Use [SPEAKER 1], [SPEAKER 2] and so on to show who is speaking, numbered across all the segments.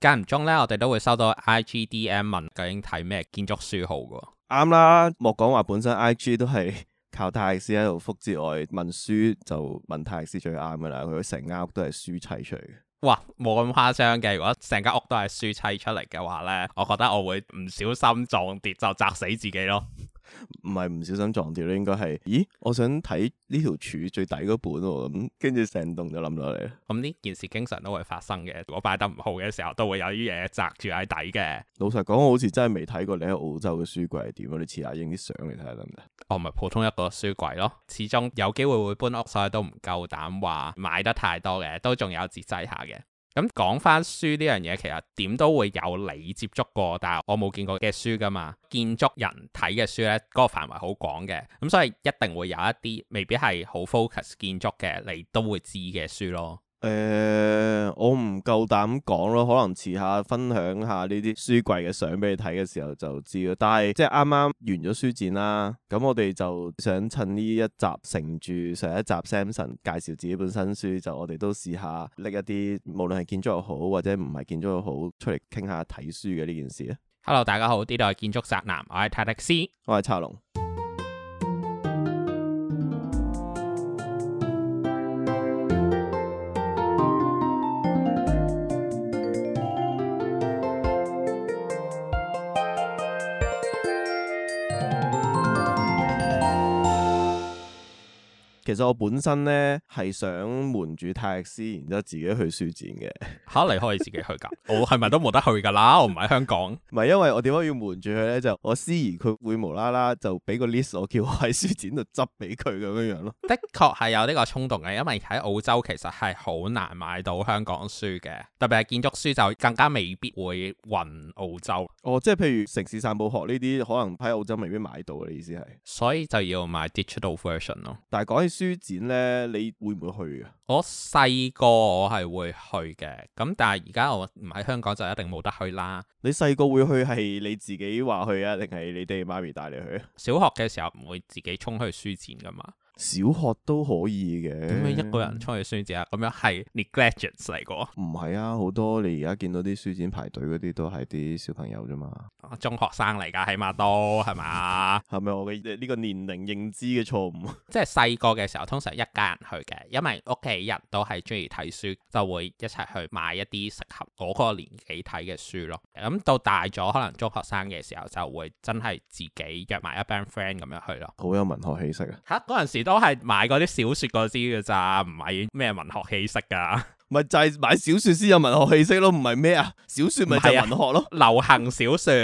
[SPEAKER 1] 間唔中咧，我哋都會收到 I G D M 問究竟睇咩建築書好噶？
[SPEAKER 2] 啱啦，莫講話本身 I G 都係靠泰斯喺度覆之外，問書就問泰斯最啱噶啦。佢成間屋都係書砌出嚟
[SPEAKER 1] 嘅。哇，冇咁誇張嘅，如果成間屋都係書砌出嚟嘅話咧，我覺得我會唔小心撞跌就砸死自己咯。
[SPEAKER 2] 唔係唔小心撞掉，咧，應該係，咦？我想睇呢條柱最底嗰本，啊，咁跟住成棟就冧落嚟。
[SPEAKER 1] 咁呢、嗯、件事經常都會發生嘅，如果擺得唔好嘅時候，都會有啲嘢砸住喺底嘅。
[SPEAKER 2] 老實講，我好似真係未睇過你喺澳洲嘅書櫃係點，你
[SPEAKER 1] 遲下影啲相嚟睇下得唔得？我唔係普通一個書櫃咯，始終有機會會搬屋，所以都唔夠膽話買得太多嘅，都仲有節制下嘅。咁講翻書呢樣嘢，其實點都會有你接觸過，但係我冇見過嘅書噶嘛。建築人睇嘅書呢，嗰個範圍好廣嘅，咁所以一定會有一啲未必係好 focus 建築嘅，你都會知嘅書咯。
[SPEAKER 2] 誒、呃，我唔夠膽講咯，可能遲下分享下呢啲書櫃嘅相俾你睇嘅時候就知咯。但係即係啱啱完咗書展啦，咁我哋就想趁呢一集乘住上一集 Samson 介紹自己本新書，就我哋都試下拎一啲無論係建築又好或者唔係建築又好出嚟傾下睇書嘅呢件事咧。
[SPEAKER 1] Hello，大家好，呢度係建築宅男，我係泰迪斯，我係叉龍。
[SPEAKER 2] 其實我本身咧係想瞞住泰勒斯，然之後自己去書展嘅
[SPEAKER 1] 吓、啊，你可以自己去噶、 哦，我係咪都冇得去噶啦？我唔喺香港，
[SPEAKER 2] 唔係 因為我點解要瞞住佢咧？就我師爺佢會無啦啦就俾個 list，我，我叫我喺書展度執俾佢咁樣樣咯。
[SPEAKER 1] 的確係有呢個衝動嘅，因為喺澳洲其實係好難買到香港書嘅，特別係建築書就更加未必會運澳洲。哦，即係譬如城
[SPEAKER 2] 市散步學呢啲，可能喺澳洲未
[SPEAKER 1] 必買到嘅意思係，所以就要買 digital version 咯。但係講起。書展咧，你會唔會去啊？我細個我係會去嘅，咁但係而家我唔喺香港就一定冇得去啦。
[SPEAKER 2] 你細個會去係
[SPEAKER 1] 你自己話去啊，定係你哋媽咪帶你去？小學嘅時候唔會自己衝去書展噶嘛。
[SPEAKER 2] 小學都可以嘅，點解一
[SPEAKER 1] 個人出去書展啊？咁樣係 neglect 嚟個，
[SPEAKER 2] 唔係啊！好多你而家見到啲書展排隊嗰啲都係啲小朋友啫嘛，
[SPEAKER 1] 啊，中學生嚟㗎，起碼都係嘛？係咪 我嘅呢、這個年齡認知嘅錯誤？即係細個嘅時候，通常一家人去嘅，因為屋企人都係中意睇書，就會一齊去買一啲適合嗰個年紀睇嘅書咯。咁、嗯、到大咗，可能中學生嘅時候就會真係自己約埋一班 friend 咁樣去咯。
[SPEAKER 2] 好有文學氣息
[SPEAKER 1] 啊！嚇、啊，嗰陣時都～都係買嗰啲小說嗰啲噶咋，唔係咩文學氣息噶，
[SPEAKER 2] 咪就係、是、買小說先有文學氣息咯，唔係咩啊？小說咪就文學咯，啊，流行小說，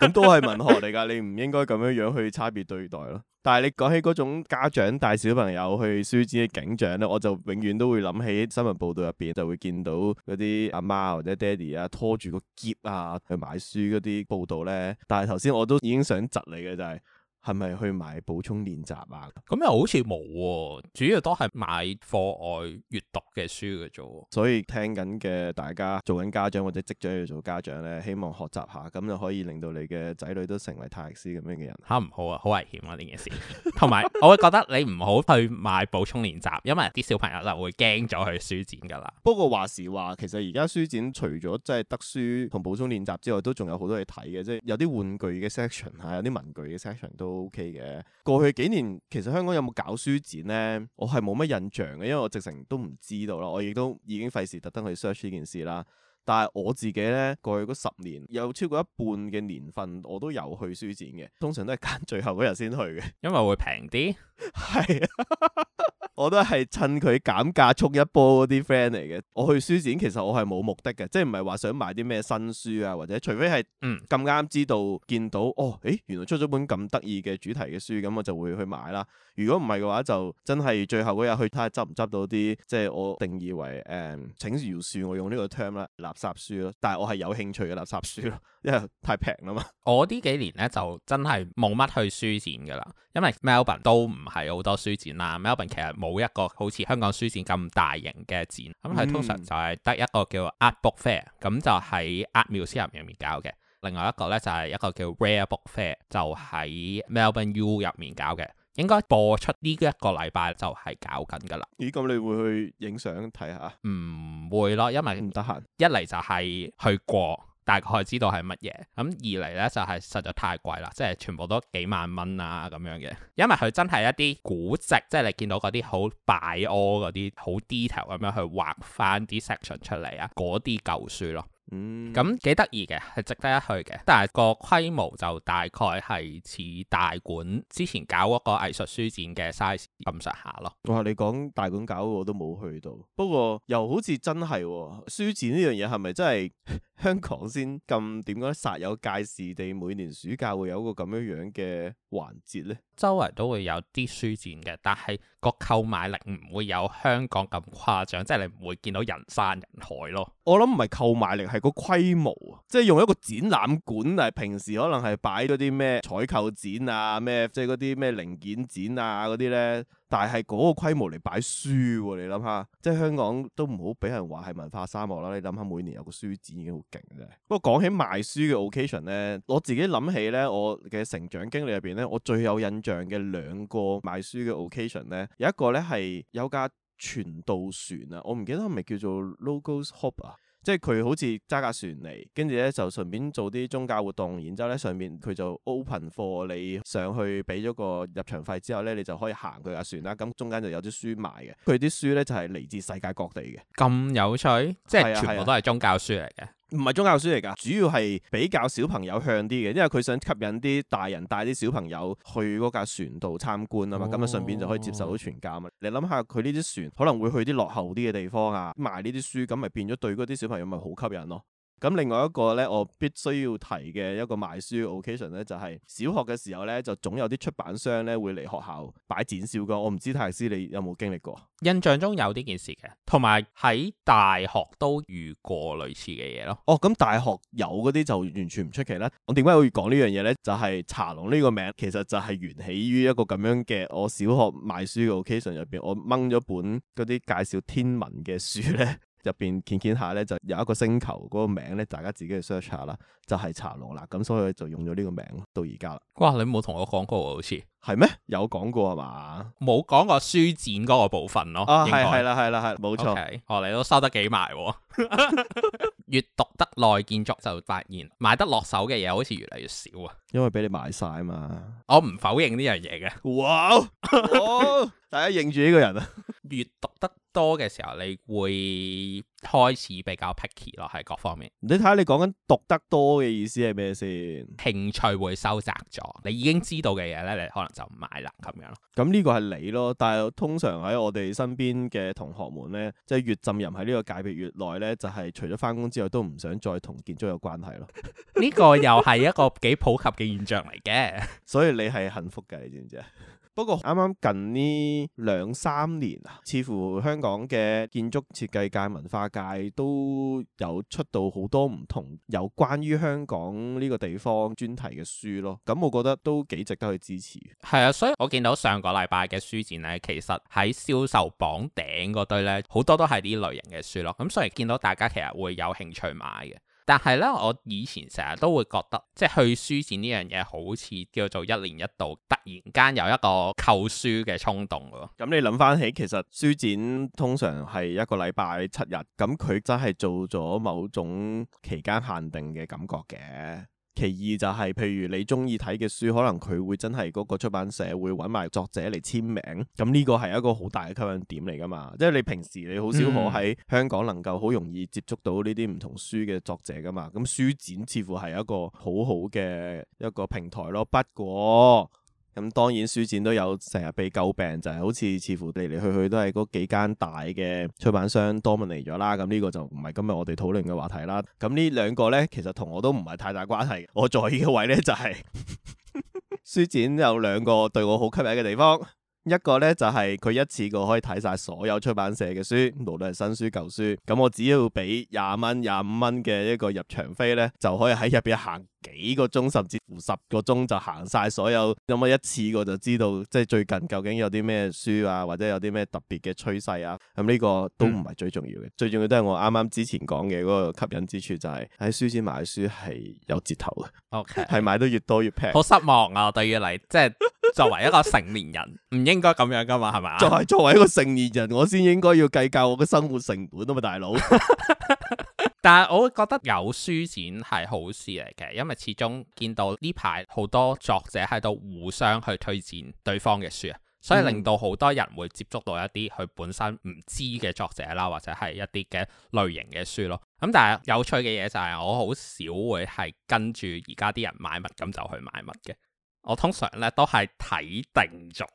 [SPEAKER 2] 咁 都係文學嚟噶，你唔應該咁樣樣去差別對待咯。但係你講起嗰種家長帶小朋友去書展嘅景象咧，我就永遠都會諗起新聞報道入邊就會見到嗰啲阿媽或者爹哋啊，拖住個篋啊去買書嗰啲報道咧。但係頭先我都已經想窒你嘅就係、是。係咪去買補充練習啊？咁又好似冇喎，主要都係買
[SPEAKER 1] 課外閱讀嘅書嘅啫。
[SPEAKER 2] 所以聽緊嘅大家做緊家長或者即將要做家長咧，希望學習下，咁就可以令到你嘅仔女都成為泰勒斯咁樣嘅人。
[SPEAKER 1] 吓，唔好啊，好危險啊，呢件事。同埋我會覺得你唔好去買補充練習， 因為啲小朋友就會驚咗去書展噶啦。
[SPEAKER 2] 不過話時話，其實而家書展除咗即係得書同補充練習之外，都仲有好多嘢睇嘅，即係有啲玩具嘅 section 啊，有啲文具嘅 section 都。OK 嘅，過去幾年其實香港有冇搞書展呢？我係冇乜印象嘅，因為我直情都唔知道啦。我亦都已經費事特登去 search 呢件事啦。但係我自己呢，過去嗰十年有超過一半嘅年份，我都有去書展嘅。通常都係揀最後嗰日先去嘅，因為會平啲。係。 是啊 我都係趁佢減價促一波嗰啲 friend 嚟嘅。我去書展其實我係冇目的嘅，即係唔係話想買啲咩新書啊，或者除非係咁啱知道見到哦、哎，誒原來出咗本咁得意嘅主題嘅書，咁我就會去買啦。如果唔係嘅話，就真係最後嗰日去睇下執唔執到啲，即係我定義為誒、嗯、請饒恕我用呢個 term 啦，垃圾書咯。
[SPEAKER 1] 但係我係有興趣嘅垃圾書咯，因為太平啦嘛。我呢幾年咧就真係冇乜去書展噶啦，因為 Melbourne 都唔係好多書展啦。Melbourne 其實。冇一個好似香港書展咁大型嘅展，咁係通常就係得一個叫 a t Book Fair，咁就喺 a t 阿苗私人入面搞嘅。另外一個呢，就係、是、一個叫 Rare Book Fair，就喺 Melbourne U 入面搞嘅。應該播出呢一個禮拜就係搞緊噶啦。咦？咁你會去影相睇下？唔會咯，因為唔得閒。一嚟就係去過。大概知道係乜嘢，咁二嚟呢就係實在太貴啦，即係全部都幾萬蚊啊咁樣嘅，因為佢真係一啲古籍，即係你見到嗰啲好擺攤嗰啲好 detail 咁樣去畫翻啲 section 出嚟啊，嗰啲舊書咯。嗯，咁幾得意嘅，係值得一去嘅。但係個規模就大概係似大館之前搞嗰個藝術書展嘅 size 咁上下咯。
[SPEAKER 2] 哇，你講大館搞嗰個我都冇去到，
[SPEAKER 1] 不過又好似真係、哦、書展呢樣嘢係咪真係
[SPEAKER 2] 香港先咁，點解煞有介事地每年暑假會有一個咁樣樣嘅
[SPEAKER 1] 環節呢？周圍都會有啲書展嘅，但係個購買力唔會有香港咁誇張，即係你唔會見到人山人海咯。我諗唔係
[SPEAKER 2] 購買力，係個規模啊，即係用一個展覽館嚟，平時可能係擺嗰啲咩採購展啊，咩即係嗰啲咩零件展啊嗰啲咧。但係嗰個規模嚟擺書，啊，你諗下，即係香港都唔好俾人話係文化沙漠啦。你諗下，每年有個書展已經好勁嘅。不過講起賣書嘅 occasion 咧，我自己諗起咧，我嘅成長經歷入邊咧，我最有印象嘅兩個賣書嘅 occasion 咧，有一個咧係有架傳道船啊，我唔記得係咪叫做 Logos Hope 啊。即係佢好似揸架船嚟，跟住咧就順便做啲宗教活動，然之後咧上面佢就 open 課你上去，俾咗個入場費之後咧，你就可以行佢架船啦。咁、嗯、中間就有啲書賣嘅，佢啲書咧就係、是、嚟自世界各地嘅。
[SPEAKER 1] 咁有趣？即係全部都係宗教書嚟嘅。
[SPEAKER 2] 唔係宗教書嚟噶，主要係比較小朋友向啲嘅，因為佢想吸引啲大人帶啲小朋友去嗰架船度參觀啊嘛，咁啊、哦、順便就可以接受到傳教嘛。哦、你諗下佢呢啲船可能會去啲落後啲嘅地方啊，賣呢啲書，咁咪變咗對嗰啲小朋友咪好吸引咯。咁另外一個咧，我必須要提嘅一個賣書嘅 occasion 咧，就係小學嘅時候咧，就總有啲出版商咧會嚟學校擺展銷嘅。我唔知泰斯你有冇經歷過？印
[SPEAKER 1] 象中有呢件事嘅，同埋喺大學都遇過類似嘅嘢咯。
[SPEAKER 2] 哦，咁大學有嗰啲就完全唔出奇啦。我點解會講呢樣嘢咧？就係茶龍呢個名，其實就係源起於一個咁樣嘅我小學賣書嘅 occasion 入邊，我掹咗本嗰啲介紹天文嘅書咧。 入邊見見下咧，就有一個星球嗰個名咧，大家自己去 search 下啦，就係茶羅啦，咁所以就用咗呢個名到而家啦。哇，你冇同
[SPEAKER 1] 我講過好似係咩？有講過啊嘛？冇講過書展嗰個部分咯。啊，係係啦係啦係，冇錯。錯 okay, 哦，你都收得幾埋，閱 讀得耐建築就發現買得落手嘅嘢好似越嚟越少啊。
[SPEAKER 2] 因為俾你買晒啊嘛。
[SPEAKER 1] 我唔否認呢樣嘢嘅。哇哦， 大家認住呢個人啊！越讀得多嘅時候，你會開始比較 picky 咯，喺各方面。你睇下，你講緊讀得多嘅意思係咩先？興趣會收窄咗，你已經知道嘅嘢咧，你可能就唔買啦，咁樣咯。
[SPEAKER 2] 咁呢、嗯，這個係你咯，但係通常喺我哋身邊嘅同學們咧，即係越浸淫喺呢個界別越耐咧，就係、是、除咗翻工之外，都唔想再同建築有關係咯。呢 個又係一個幾普及嘅現象嚟嘅，所以你係幸福嘅，你知唔知啊？不過啱啱近呢兩三年啊，似乎香港嘅建築設計界、文化界都有出到好多唔同有關於香港呢個地方專題嘅書咯。咁我覺得都幾值
[SPEAKER 1] 得去支持。係啊，所以我見到上個禮拜嘅書展咧，其實喺銷售榜頂嗰堆咧，好多都係呢類型嘅書咯。咁所以見到大家其實會有興趣買嘅。但係咧，我以前成日都會覺得，即係去書展呢樣嘢好似叫做一年一度，突然間有一個購書嘅衝動喎。咁、嗯、你諗翻起，其實書
[SPEAKER 2] 展通常係一個禮拜七日，咁佢真係做咗某種期間限定嘅感覺嘅。其二就係，譬如你中意睇嘅書，可能佢會真係嗰個出版社會揾埋作者嚟簽名，咁呢個係一個好大嘅吸引點嚟噶嘛。即係你平時你好少可喺香港能夠好容易接觸到呢啲唔同書嘅作者噶嘛。咁書展似乎係一個好好嘅一個平台咯。不過，咁當然書展都有成日被詬病，就係、是、好似似乎嚟嚟去去都係嗰幾間大嘅出版商 dominate 咗啦。咁呢個就唔係今日我哋討論嘅話題啦。咁呢兩個呢，其實同我都唔係太大關係。我在意嘅位呢，就係 書展有兩個對我好吸引嘅地方。一個呢，就係、是、佢一次過可以睇晒所有出版社嘅書，無論係新書舊書。咁我只要俾廿蚊、廿五蚊嘅一個入場費呢，就可以喺入邊行幾個鐘，甚至乎十個鐘就行晒所有。咁我一次過就知道，即係最近究竟有啲咩書啊，或者有啲咩特別嘅趨勢啊。咁呢個都唔係最重要嘅，嗯、最重要都係我啱啱之前講嘅嗰個吸引之處就係、是、喺書展買書係有折頭嘅。O K，係買得越多越平。好失
[SPEAKER 1] 望啊！對於你。即係。作為一個成年人，唔應該咁樣噶嘛，係咪？就係作為一個
[SPEAKER 2] 成年人，我先應該要計較我嘅生活成本啊嘛，大佬。
[SPEAKER 1] 但係我會覺得有書展係好事嚟嘅，因為始終見到呢排好多作者喺度互相去推薦對方嘅書啊，所以令到好多人會接觸到一啲佢本身唔知嘅作者啦，或者係一啲嘅類型嘅書咯。咁但係有趣嘅嘢就係我好少會係跟住而家啲人買乜咁就去買乜嘅。我通常咧都係睇定咗，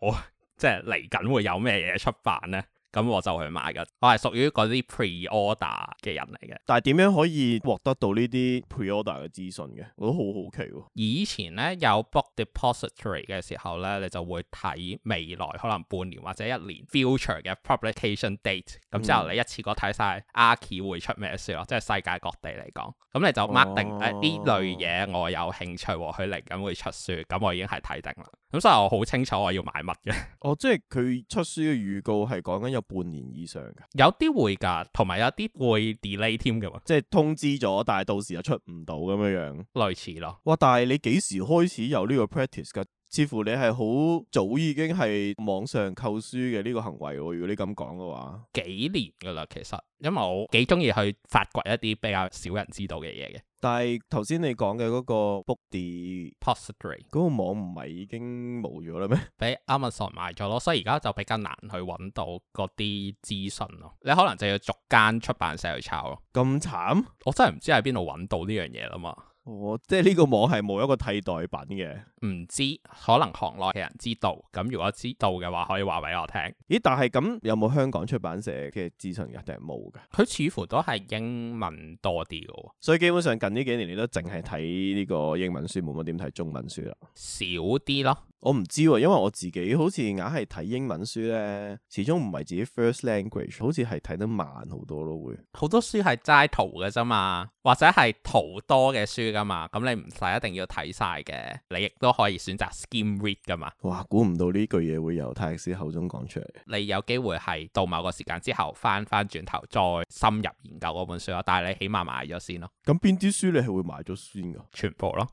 [SPEAKER 1] 即係嚟緊會有咩嘢出版咧。咁我就去買噶，我係屬於嗰啲 pre-order 嘅人嚟嘅。
[SPEAKER 2] 但係點樣可以獲得到呢啲 pre-order 嘅資訊嘅？我都好好奇。
[SPEAKER 1] 以前咧有 book depository 嘅時候咧，你就會睇未來可能半年或者一年 future 嘅 publication date，咁之後你一次過睇晒阿 kie 會出咩書咯，嗯、即係世界各地嚟講，咁你就 mark 定誒呢、啊、類嘢我有興趣和佢嚟，咁會出書，咁我已經係睇定啦。咁所以，我好清楚我要買乜嘅。
[SPEAKER 2] 哦，即係佢出書嘅預告係講緊有半年以上嘅，有啲會噶同埋有啲會 delay 添嘅，即係通知咗，但係到時又出唔到咁樣樣，類似咯。哇！但係你幾時開始有呢個 practice 噶？似乎你係好早已經係網上購書嘅呢個行為。如果你咁講嘅話，
[SPEAKER 1] 幾年噶啦其實，因為我幾中意去發掘一啲比較少人知道嘅嘢嘅。
[SPEAKER 2] 但係頭先你講嘅嗰個 Book Depository 嗰個網唔係已經
[SPEAKER 1] 冇咗啦咩？俾 Amazon 賣咗咯，所以而家就比較難去揾到嗰啲資訊咯。你可能就要逐間出版社去抄咯。咁慘，我真係唔知喺邊度揾到呢樣嘢啦嘛～哦，即係呢個網係冇一個替代品嘅，唔知可能行內嘅人知道，咁如果知道嘅話可以話俾我聽。
[SPEAKER 2] 咦，但係咁有冇香港出版社嘅資訊噶？定係冇噶？佢似乎都係英文多啲嘅，所以基本上近呢幾年你都淨係睇呢個英文書，冇乜點睇中文書啦，少啲咯。我唔知、啊，因為我自己好似硬係睇英文書咧，始終唔係自己 first
[SPEAKER 1] language，好似係睇得慢好多咯，會好多書係齋圖嘅啫嘛，或者係圖多嘅書噶嘛，咁你唔使一定要睇晒嘅，你亦都可以選擇 skim read 噶嘛。
[SPEAKER 2] 哇，估唔到呢句嘢會由泰律師口中講出嚟。
[SPEAKER 1] 你有機會係到某個時間之後翻翻轉頭再深入研究嗰本書咯，但係你起碼買咗先咯。
[SPEAKER 2] 咁邊啲書你係會買咗先噶？全部咯。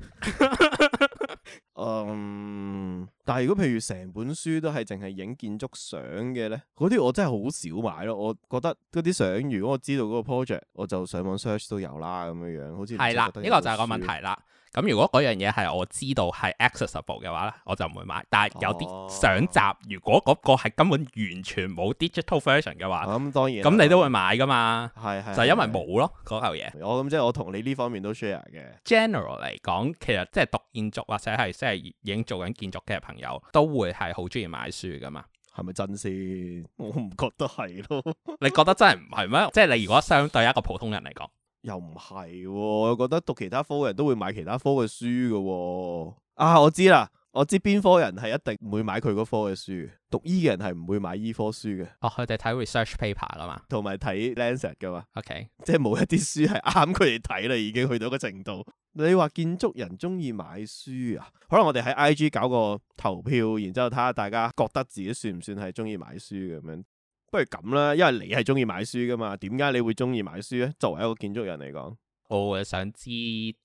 [SPEAKER 2] 嗯，但係如果譬如成本書都係淨係影建築相嘅咧，嗰啲我真係好少買咯。我覺得嗰啲相，如果我知道嗰個 project，我就上網 search 都有啦，咁
[SPEAKER 1] 樣樣好似係啦。呢、呢個就係個問題啦。咁如果嗰樣嘢係我知道係 accessible 嘅話咧，我就唔會買，但係有啲相集，哦、如果嗰個係根本完全冇 digital version 嘅話，咁、嗯、當然咁你都會買噶嘛。係係就因為冇咯嗰嚿嘢。我咁即係我同你呢方面都 share 嘅。General 嚟講其實即係讀建築或者係。即係已經做緊建築嘅朋友，都會係好中意買書噶嘛？係咪真先？我唔覺得係咯。你覺得真係唔係咩？即係你如果相對一個普通人嚟講，又唔係喎。
[SPEAKER 2] 我覺得讀其他科嘅人都會買其他科嘅書噶喎。啊，我知啦，我知邊科人係一定唔會買佢嗰科嘅書。讀醫、e、嘅人係唔會買醫、e、科書嘅。哦，佢哋睇 research paper 噶嘛，同埋睇 Lancet 嘅嘛。OK，即係冇一啲書係啱佢哋睇啦，已經去到一個程度。你話建築人中意買書啊？可能我哋喺 IG 搞個投票，然之後睇下大家覺得自己算唔算係中意買書咁樣？不如咁啦，因為你係中意買書噶嘛？點解你會中意買書呢？作為一個建築人嚟講，
[SPEAKER 1] 我會想知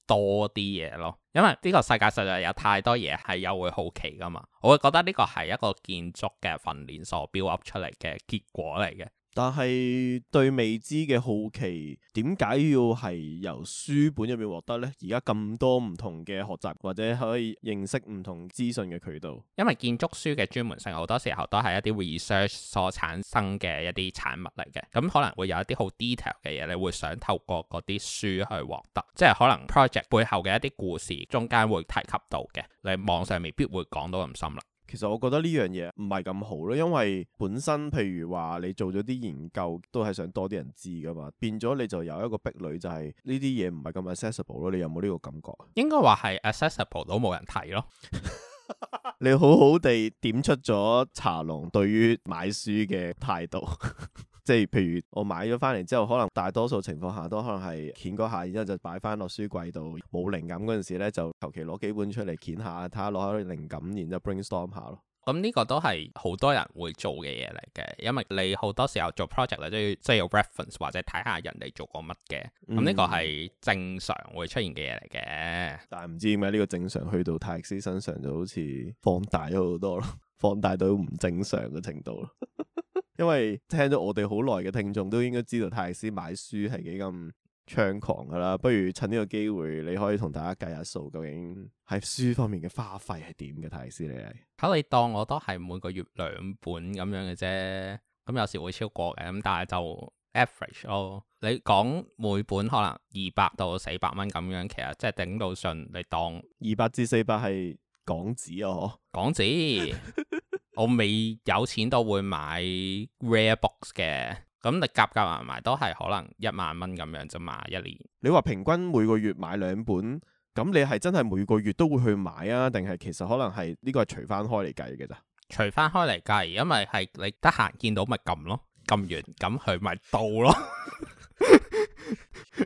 [SPEAKER 1] 多啲嘢咯。因為呢個世界上有太多嘢係有會好奇噶嘛。我會覺得呢個係一個建築嘅訓練所 build up 出嚟嘅結果嚟嘅。
[SPEAKER 2] 但係對未知嘅好奇，點解要係由書本入面獲得呢？而家咁多唔同嘅學習或者可以認識唔同資訊嘅渠道，
[SPEAKER 1] 因為建築書嘅專門性，好多時候都係一啲 research 所產生嘅一啲產物嚟嘅。咁可能會有一啲好 detail 嘅嘢，你會想透過嗰啲書去獲得，即係可能 project 背後嘅一啲故事中間會提及到嘅，你網上未必會講到咁深啦。
[SPEAKER 2] 其實我覺得呢樣嘢唔係咁好咯，因為本身譬如話你做咗啲研究，都係想多啲人知㗎嘛，變咗你就有一個壁壘就係呢啲嘢唔係咁 accessible 咯。你有冇呢個感覺？
[SPEAKER 1] 應該話係 accessible 都冇人睇咯。
[SPEAKER 2] 你好好地點出咗茶農對於買書嘅態度。 即係譬如我買咗翻嚟之後，可能大多數情況下都可能係攪嗰下，然之後就擺翻落書櫃度冇靈感嗰陣時咧，就求其攞幾本出嚟攪下，睇下攞下啲靈感，然之後 brainstorm 下咯。
[SPEAKER 1] 咁呢個都係好多人會做嘅嘢嚟嘅，因為你好多時候做 project 咧都要需要 reference 或者睇下人哋做過乜嘅。咁呢個係正常會出現嘅嘢嚟嘅。
[SPEAKER 2] 但係唔知點解呢個正常去到泰斯身上就好似放大咗好多咯，放大到唔正常嘅程度咯。 因為聽咗我哋好耐嘅聽眾都應該知道泰斯買書係幾咁猖狂噶啦，不如趁呢個機會你可以同大家計下數，究竟喺書方面嘅花費係點嘅？
[SPEAKER 1] 泰斯你係，你當我都係每個月兩本咁樣嘅啫，咁、嗯、有時會超過嘅，咁但係就 average 咯、哦。你講每本可能二百到四百蚊咁樣，其實即係頂到順，你當二百至四百係
[SPEAKER 2] 港紙哦，
[SPEAKER 1] 港紙元。 我未有錢都會買 Rare Books 嘅，咁你夾夾埋埋都係可能一萬蚊咁樣啫嘛，一年。
[SPEAKER 2] 你話平均每個月買兩本，咁你係真係每個月都會去買啊？定係其實可能係呢個係除翻開嚟計嘅咋？
[SPEAKER 1] 除翻開嚟計，因為係你得閒見到咪撳咯，撳完咁佢咪到咯。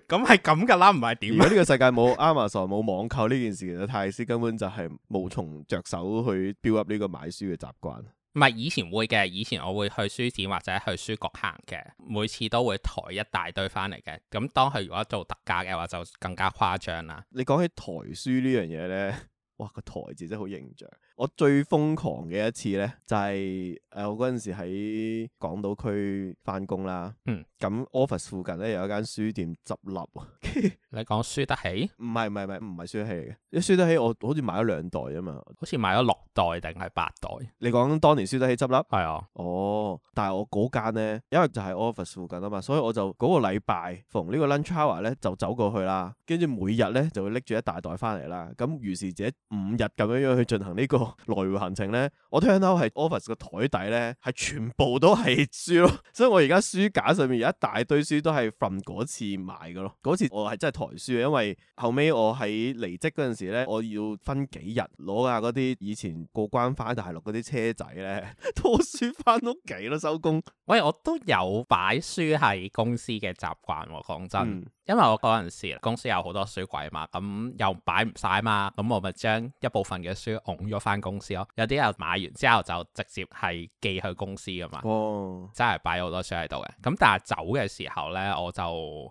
[SPEAKER 1] 咁係咁噶啦，唔係點？啊、如果呢個世
[SPEAKER 2] 界冇 Amazon 冇 網購呢件事，其實泰斯根本就係無從着手去 build up 呢個買書嘅習慣。
[SPEAKER 1] 唔係以前會嘅，以前我會去書展或者去書局行嘅，每次都會抬一大堆翻嚟嘅。咁當佢如果做特價嘅話，就更加誇張啦。
[SPEAKER 2] 你講起台書呢樣嘢呢，哇個台字真係好形象。我最瘋狂嘅一次呢，就係、是、誒、呃、我嗰陣時喺港島區翻工啦，嗯。咁 office 附近咧有一間書店執笠，
[SPEAKER 1] 你講書得起？唔係，
[SPEAKER 2] 唔係，唔係唔係書得起嘅，啲書得起，我好似買咗兩袋啊嘛，好似買咗
[SPEAKER 1] 六袋定係八袋。
[SPEAKER 2] 你講當年書得起執笠？係啊，哦，但係我嗰間咧，因為就喺 office 附近啊嘛，所以我就嗰個禮拜逢個呢個 lunch hour 咧就走過去啦，跟住每日咧就會拎住一大袋翻嚟啦。咁於是者五日咁樣樣去進行呢個來回行程咧，我聽到係 office 嘅台底咧係全部都係書咯， 所以我而家書架上面有一。大堆書都係分嗰次買嘅咯，嗰次我係真係抬書，因為後尾我喺離職嗰陣時呢，我要分幾日攞下嗰啲以前
[SPEAKER 1] 過關翻大陸嗰啲車仔呢，拖書翻屋企咯，收工。喂，我都有擺書係公司嘅習慣，講真。嗯因為我嗰陣時公司有好多書櫃嘛，咁、嗯、又擺唔晒嘛，咁、嗯、我咪將一部分嘅書拱咗翻公司咯。有啲人買完之後就直接係寄去公司噶嘛，哦、真係擺好多書喺度嘅。咁、嗯、但係走嘅時候呢，我就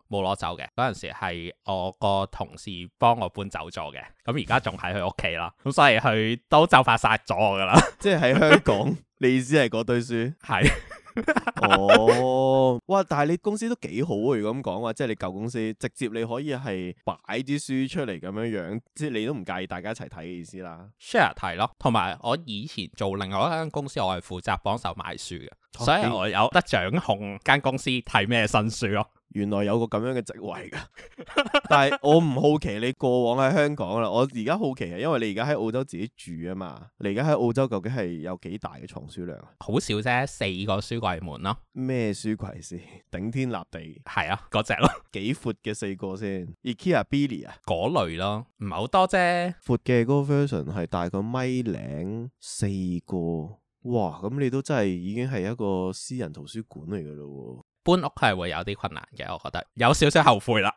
[SPEAKER 1] 冇攞走嘅。嗰陣時係我個同事幫我搬走咗嘅。咁、嗯、而家仲喺佢屋企啦。咁 所以佢都就發晒咗噶啦。即係喺香港，
[SPEAKER 2] 你意思係嗰堆書？係。 哦，哇！但係你公司都幾好啊，如果咁講話，即係你舊公司直接你可以係擺啲書出嚟咁樣樣，即係你都唔介意大家一齊睇嘅意思啦。
[SPEAKER 1] share 睇咯，同埋我以前做另外一間公司，我係負責幫手買書嘅，Okay. 所以我有得掌控間公司睇咩新書咯、哦。原來有個咁樣嘅職位㗎， 但係
[SPEAKER 2] 我唔好奇你過往喺香港啦。我而家好奇係因為你而家喺澳洲自己住啊嘛。你而家喺澳洲究竟係有幾大嘅藏書量
[SPEAKER 1] 啊？好少啫，四個書櫃門咯。
[SPEAKER 2] 咩書櫃先？頂天立地係啊，嗰隻咯。幾闊嘅四個先？IKEA
[SPEAKER 1] Billy 啊，嗰類咯，唔係好多啫。
[SPEAKER 2] 闊嘅嗰個 version 係大概米零四個。哇，咁你都真係已經係一個私人圖書館嚟
[SPEAKER 1] 㗎咯喎！搬屋係會有啲困難嘅，我覺得有少少後悔啦。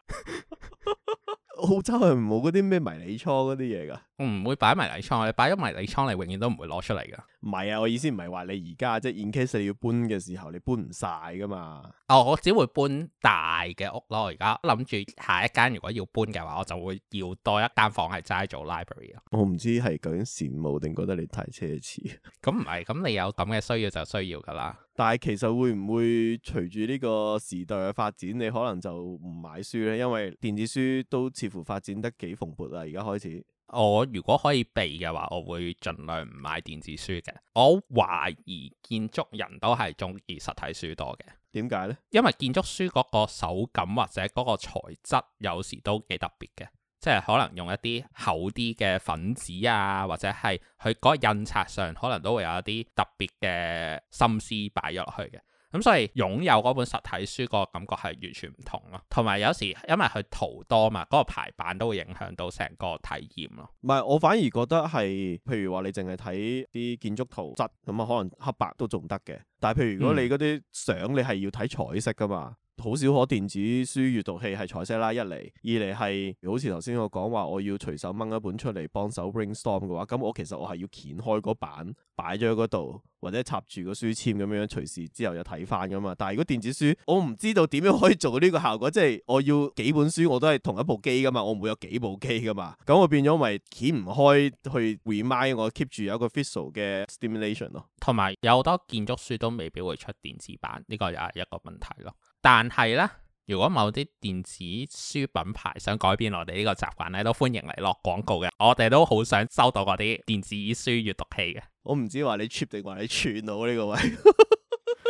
[SPEAKER 2] 澳洲係冇嗰啲咩迷你倉嗰啲嘢噶，
[SPEAKER 1] 我唔、嗯、會擺迷你倉，你擺咗迷你倉，你永遠都唔會攞出嚟噶。唔係啊，我意思唔係話你而家即係 in case 你要搬嘅時候，你搬唔晒噶嘛？哦，我只會搬大嘅屋咯。我而家諗住下一間如果要搬嘅話，我就會要多一間房係齋做 library 啊。
[SPEAKER 2] 我唔知係究竟羨慕定覺得你太奢侈。
[SPEAKER 1] 咁唔係，咁你有咁嘅需要就需要噶啦。
[SPEAKER 2] 但係其實會唔會隨住呢個時代嘅發展，你可能就唔買書咧？因為電子書都似乎發展得幾蓬勃啊，而家開始。
[SPEAKER 1] 我如果可以避嘅話，我會盡量唔買電子書嘅。我懷疑建築人都係中意實體書多嘅。點解呢？因為建築書嗰個手感或者嗰個材質有時都幾特別嘅，即係可能用一啲厚啲嘅粉紙啊，或者係佢嗰個印刷上可能都會有一啲特別嘅心思擺咗落去嘅。咁所以擁有嗰本實體書個感覺係完全唔同咯，同埋有，有時因為佢圖多嘛，嗰、嗰個排版都會影響到成個體驗咯。
[SPEAKER 2] 唔係，我反而覺得係，譬如話你淨係睇啲建築圖質，咁啊可能黑白都仲得嘅。但係譬如如果你嗰啲相，你係要睇彩色㗎嘛。好少可電子書閱讀器係彩色啦，一，一嚟二嚟係，好似頭先我講話，我要隨手掹一本出嚟幫手 brainstorm 嘅話，咁我其實我係要掀開嗰板，擺咗喺嗰度，或者插住個書籤咁樣隨時之後又睇翻噶嘛。但係如果電子書，我唔知道點樣可以做呢個效果，即係我要幾本書我都係同一部機
[SPEAKER 1] 噶嘛，我唔會有幾部機噶嘛。
[SPEAKER 2] 咁我變咗咪掀唔開去 remind 我 keep 住有一
[SPEAKER 1] 個 physical 嘅 stimulation 咯。同埋有好多建築書都未必會出電子版，呢、這個又係一個問題咯。但係呢，如果某啲電子書品牌想改變我哋呢個習慣呢，都歡迎嚟落廣告嘅。我哋都好想收到嗰啲電子書閱讀器嘅。
[SPEAKER 2] 我唔知話你 cheap 定話你串到呢個位。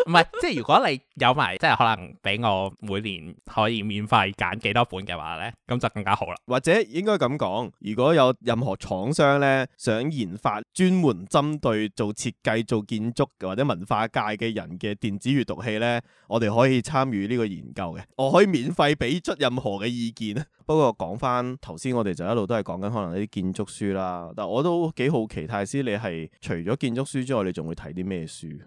[SPEAKER 1] 唔係，即係如果你有埋，即係可能俾我每年可以免費揀幾多本嘅話呢，咁就更加好啦。
[SPEAKER 2] 或者應該咁講，如果有任何廠商呢，想研發專門針對做設計、做建築嘅或者文化界嘅人嘅電子閱讀器呢，我哋可以參與呢個研究嘅，我可以免費俾出任何嘅意見。 不過講翻頭先，我哋就一路都係講緊可能啲建築書啦。但我都幾好奇，泰斯你係除咗建築書之外，你仲會睇啲咩書？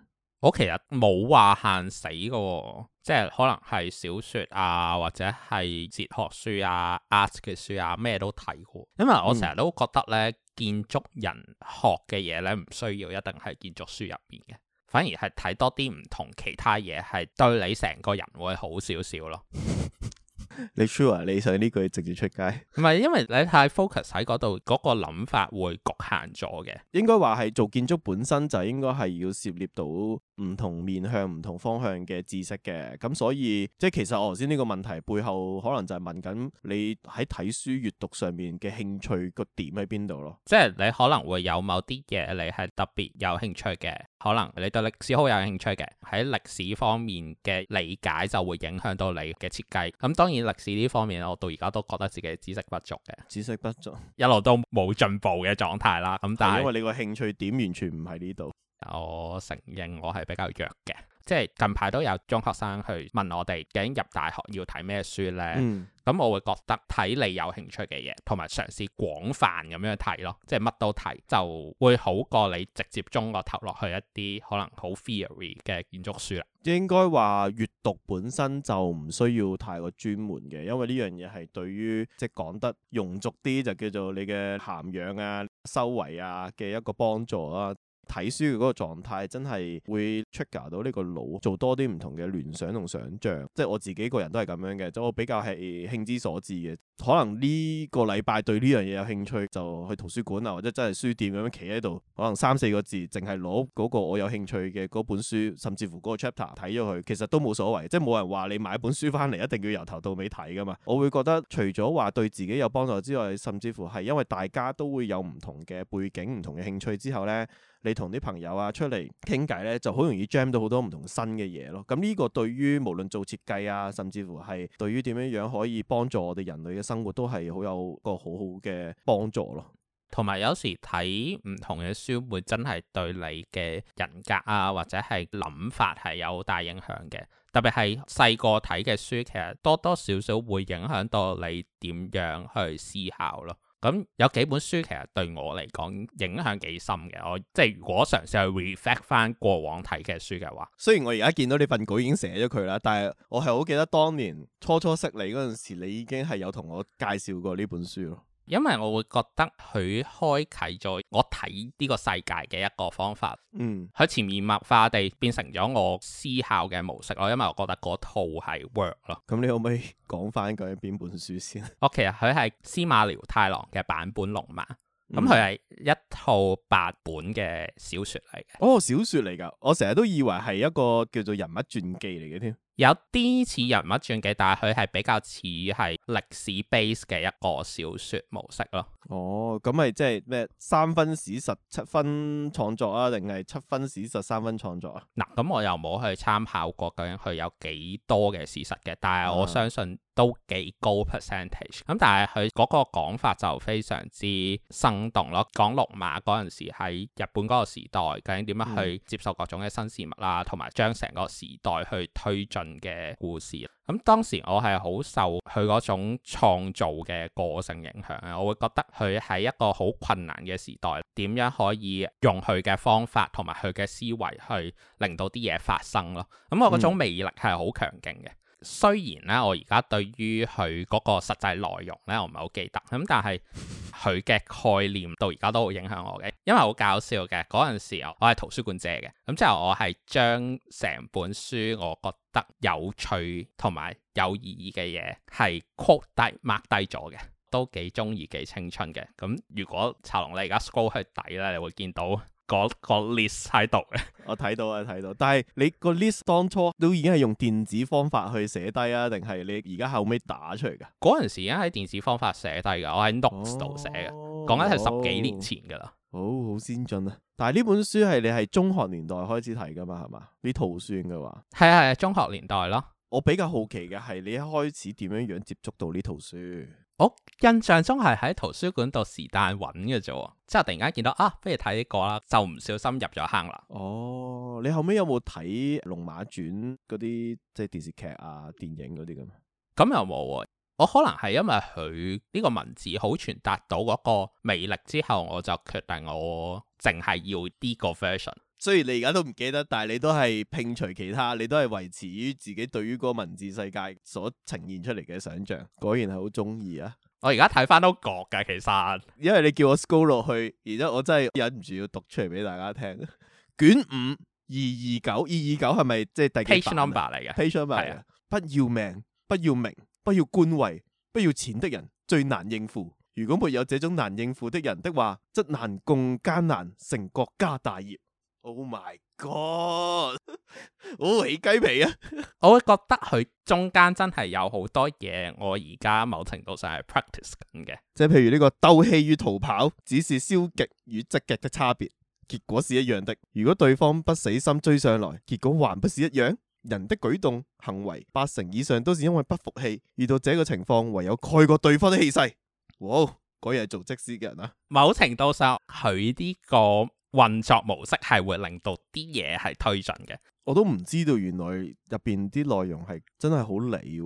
[SPEAKER 1] 我其實冇話限死噶、哦，即係可能係小說啊，或者係哲學書啊、藝術嘅書啊，咩都睇過。因為我成日都覺得咧，嗯、建築人學嘅嘢咧，唔需要一定係建築書入邊嘅，反而係睇多啲唔同其他嘢，係對你成個人會好少少咯。
[SPEAKER 2] 你 sure、啊、你想呢句直接出街？
[SPEAKER 1] 唔 係，因為你太 focus 喺嗰度，嗰、嗰個諗法會局限咗嘅。應該話
[SPEAKER 2] 係做建築本身就應該係要涉獵到唔同面向、唔同方向嘅知識嘅，咁所以即係其實我頭先呢個問題背後可能就係問緊你喺睇書、閱讀上面嘅興趣個點喺邊度咯？
[SPEAKER 1] 即係你可能會有某啲嘢你係特別有興趣嘅，可能你對歷史好有興趣嘅，喺歷史方面嘅理解就會影響到你嘅設計。咁當然歷史呢方面，我到而家都覺得自己知識不足嘅，知識不足，一路都冇進步嘅狀態啦。咁但係因為你個興趣點完全唔喺呢度。我承認我係比較弱嘅，即係近排都有中學生去問我哋，究竟入大學要睇咩書呢？咁、嗯、我會覺得睇你有興趣嘅嘢，同埋嘗試廣泛咁樣睇咯，即係乜都睇，就會好過你直接中個頭落去一啲可能好 theory 嘅建築書啦。應該話
[SPEAKER 2] 閱讀本身就唔需要太過專門嘅，因為呢樣嘢係對於即係講得庸俗啲就叫做你嘅涵養啊、修為啊嘅一個幫助啦、啊。睇書嘅嗰個狀態真係會 trigger 到呢個腦做多啲唔同嘅聯想同想像，即係我自己個人都係咁樣嘅，就我比較係興之所至嘅。可能呢個禮拜對呢樣嘢有興趣，就去圖書館啊，或者真係書店咁樣企喺度，可能三四個字，淨係攞嗰個我有興趣嘅嗰本書，甚至乎嗰個 chapter 睇咗佢，其實都冇所謂。即係冇人話你買本書翻嚟一定要由頭到尾睇㗎嘛。我會覺得除咗話對自己有幫助之外，甚至乎係因為大家都會有唔同嘅背景、唔同嘅興趣之後呢。你同啲朋友啊出嚟傾偈咧，就好容易 jam 到好多唔同新嘅嘢咯。咁呢個對於無論做設計啊，甚至乎係對於點樣樣可以幫助我哋人類嘅生活，都係好有個好好嘅幫助咯。
[SPEAKER 1] 同埋有，有時睇唔同嘅書，會真係對你嘅人格啊，或者係諗法係有大影響嘅。特別係細個睇嘅書，其實多多少少會影響到你點樣去思考咯。咁有幾本書其實對我嚟講影響幾深嘅，我即係如果嘗試試去 reflect 翻過往睇嘅書嘅話，
[SPEAKER 2] 雖然我而家見到呢份稿已經寫咗佢啦，但係我係好記得當年初初識你嗰陣時，你已經係有同我介紹
[SPEAKER 1] 過呢本書咯。因為我會覺得佢開啟咗我睇呢個世界嘅一個方法，嗯，佢潛移默化地變成咗我思考嘅模式咯。因為我覺得嗰套係 work 咯。
[SPEAKER 2] 咁你可唔可以講翻究竟邊本書先？
[SPEAKER 1] 我其實佢係司馬遼太郎嘅坂本龍馬，咁佢係一套八本嘅小說嚟
[SPEAKER 2] 嘅。哦，小說嚟噶，我成日都以為係一個叫做人物傳記嚟嘅
[SPEAKER 1] 添。有啲似人物傳記，但係佢係比較似係歷史 base 嘅一個小說模式咯。哦，咁咪即係咩
[SPEAKER 2] 三分史實七分創作啊？定係七分史實三分創作
[SPEAKER 1] 啊？嗱、啊，咁我又冇去參考過究竟佢有幾多嘅事實嘅，但係我相信都幾高 percentage。咁但係佢嗰個講法就非常之生動咯。講六馬嗰陣時喺日本嗰個時代，究竟點樣去接受各種嘅新事物啦，同埋、嗯、將成個時代去推進嘅故事，咁當時我係好受佢嗰種創造嘅個性影響啊！我會覺得佢喺一個好困難嘅時代，點樣可以用佢嘅方法同埋佢嘅思維去令到啲嘢發生咯。咁我嗰種魅力係好強勁嘅。嗯雖然咧，我而家對於佢嗰個實際內容咧，我唔係好記得咁，但係佢嘅概念到而家都好影響我嘅。因為好搞笑嘅，嗰陣時，我我係圖書館借嘅，咁之後我係將成本書我覺得有趣同埋有意義嘅嘢係 quote 低 mark 低咗嘅，都幾中意，幾青春嘅。咁如果茶龍你而家 scroll 去底咧，你會見到。個個 list 喺度嘅，我睇到啊，睇到。
[SPEAKER 2] 但係你個 list 當初都已經係用電子方法去寫低啊，定係你而家後尾打出嚟噶？嗰陣時已經喺電子方法
[SPEAKER 1] 寫低噶。我喺 Notes 度寫嘅，講緊係十幾年前噶啦。哦
[SPEAKER 2] 哦，好好先進啊！但係呢本書係你係中學年代開始睇噶嘛，係嘛？呢套書嘅話係啊係，中學年
[SPEAKER 1] 代咯。我比較好奇嘅係你一開始點樣樣接觸到呢套書。我印象中係喺圖書館度是但揾嘅啫，之後突然間見到啊，不如睇呢個啦，就唔小心入咗坑啦。
[SPEAKER 2] 哦，你後尾有冇睇《龍馬傳》嗰啲
[SPEAKER 1] 即係電視劇啊、電影嗰啲咁？咁又冇，我可能係因為佢呢個文字好傳達到嗰個魅力之後，我就決定我淨係要呢個 version。雖然你而家都唔記得，但係你都係拼除
[SPEAKER 2] 其他，你都係維持於自己對於個文字世界所呈現出嚟嘅想像。果然係好中意啊！我而家睇翻都覺㗎，其實，因為你叫我 scroll 落去，然之後我真係忍唔住要讀出嚟俾大家聽。 卷五二二九，二二九係咪即係第幾 page number 嚟嘅？page number 係啊！的不要命、不要名、不要官位、不要錢的人最難應付。如果沒有這種難應付的人的話，則難共艱難成國家大業。Oh my god！
[SPEAKER 1] 我 起雞皮啊！ 我會覺得佢中間真係有好多嘢，我而家某程度上係 practice 緊嘅，
[SPEAKER 2] 即係譬如呢個鬥氣與逃跑，只是消極與積極嘅差別，結果是一樣的。如果對方不死心追上來，結果還不是一樣？人的舉動行為，八成以上都是因為不服氣。遇到這個情況，唯有蓋過對方的氣勢。
[SPEAKER 1] 哇！嗰日係做即師嘅人啊，某程度上佢呢個。運作模式係會令到啲嘢係推進嘅，
[SPEAKER 2] 我都唔知道原來入邊啲內容係真係好理，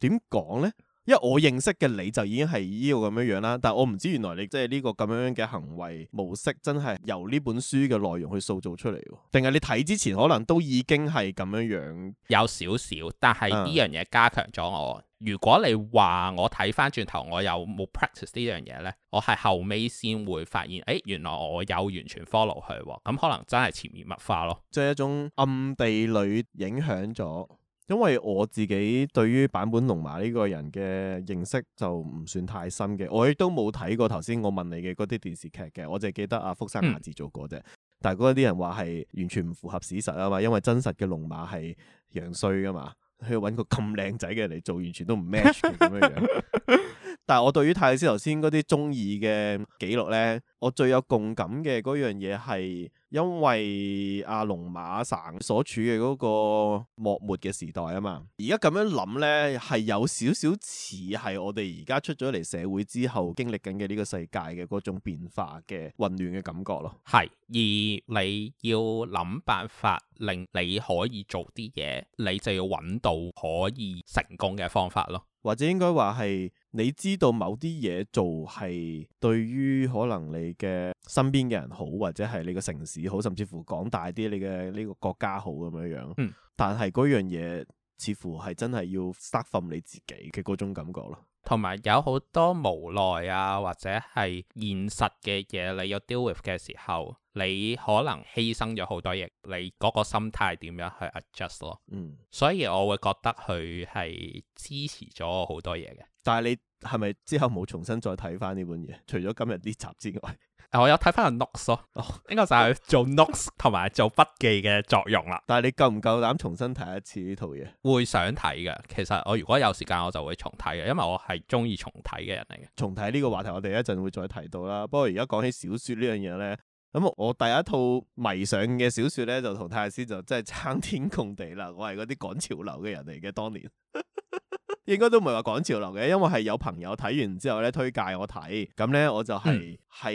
[SPEAKER 2] 點講呢？因為我認識嘅你就已經係呢個咁樣樣啦，但係我唔知原來你即係呢個咁樣樣嘅行為模式真係由呢本書嘅內容去塑造出嚟，定係你睇之前可能都已經係咁樣樣
[SPEAKER 1] 有少少，但係呢樣嘢加強咗我。嗯如果你話我睇翻轉頭，我有冇 practice 呢樣嘢呢？我係後尾先會發現，誒、哎、原來我有完全 follow 佢喎。咁、嗯、可能真係潛移默化咯，
[SPEAKER 2] 即係一種暗地裏影響咗。因為我自己對於坂本龍馬呢個人嘅認識就唔算太深嘅，我亦都冇睇過頭先我問你嘅嗰啲電視劇嘅，我就係記得阿、啊、福山雅治做過啫。嗯、但係嗰啲人話係完全唔符合史實啊嘛，因為真實嘅龍馬係樣衰噶嘛。去揾個咁靚仔嘅人嚟做，完全都唔 match 咁樣樣。 但係我對於泰斯頭先嗰啲中意嘅紀錄呢，我最有共感嘅嗰樣嘢係。因為阿、啊、龍馬神所處嘅嗰個幕末嘅時代啊嘛，而家咁樣諗呢，係有少少似係我哋而家出咗嚟社會之後經歷緊嘅呢個世界嘅嗰種變化嘅混亂嘅感覺咯。
[SPEAKER 1] 係，而你要諗辦法令你可以做啲嘢，你就要揾到可以成功嘅方法咯。
[SPEAKER 2] 或者應該話係你知道某啲嘢做係對於可能你嘅身邊嘅人好，或者係你嘅城市好，甚至乎講大啲你嘅呢個國家好咁樣樣。嗯，但係嗰樣嘢似乎係真係要塞瞓你自己嘅嗰種感覺咯。
[SPEAKER 1] 同埋有好多無奈啊，或者係現實嘅嘢你要 deal with 嘅時候。你可能犧牲咗好多嘢，你嗰個心態點樣去 adjust 咯？嗯，所以我會覺得佢係支持咗我好多嘢嘅。但係你係咪
[SPEAKER 2] 之後冇重新再睇翻呢本嘢？除咗今日呢集之外，
[SPEAKER 1] 我有睇翻個 notes 咯。哦，應該就係做 notes 同埋做筆記嘅作用啦。但係你夠唔夠膽重新睇一次呢套嘢？會想睇嘅。其實我如果有時間，我就會重睇嘅，因為我係中意重睇嘅人嚟嘅。
[SPEAKER 2] 重睇呢個話題，我哋一陣會,會再提到啦。不過而家講起小説呢樣嘢咧。咁、嗯、我第一套迷上嘅小說咧，就同泰斯就真係差天共地啦！我係嗰啲趕潮流嘅人嚟嘅，當年 應該都唔係話趕潮流嘅，因為係有朋友睇完之後咧，推介我睇，咁咧我就係喺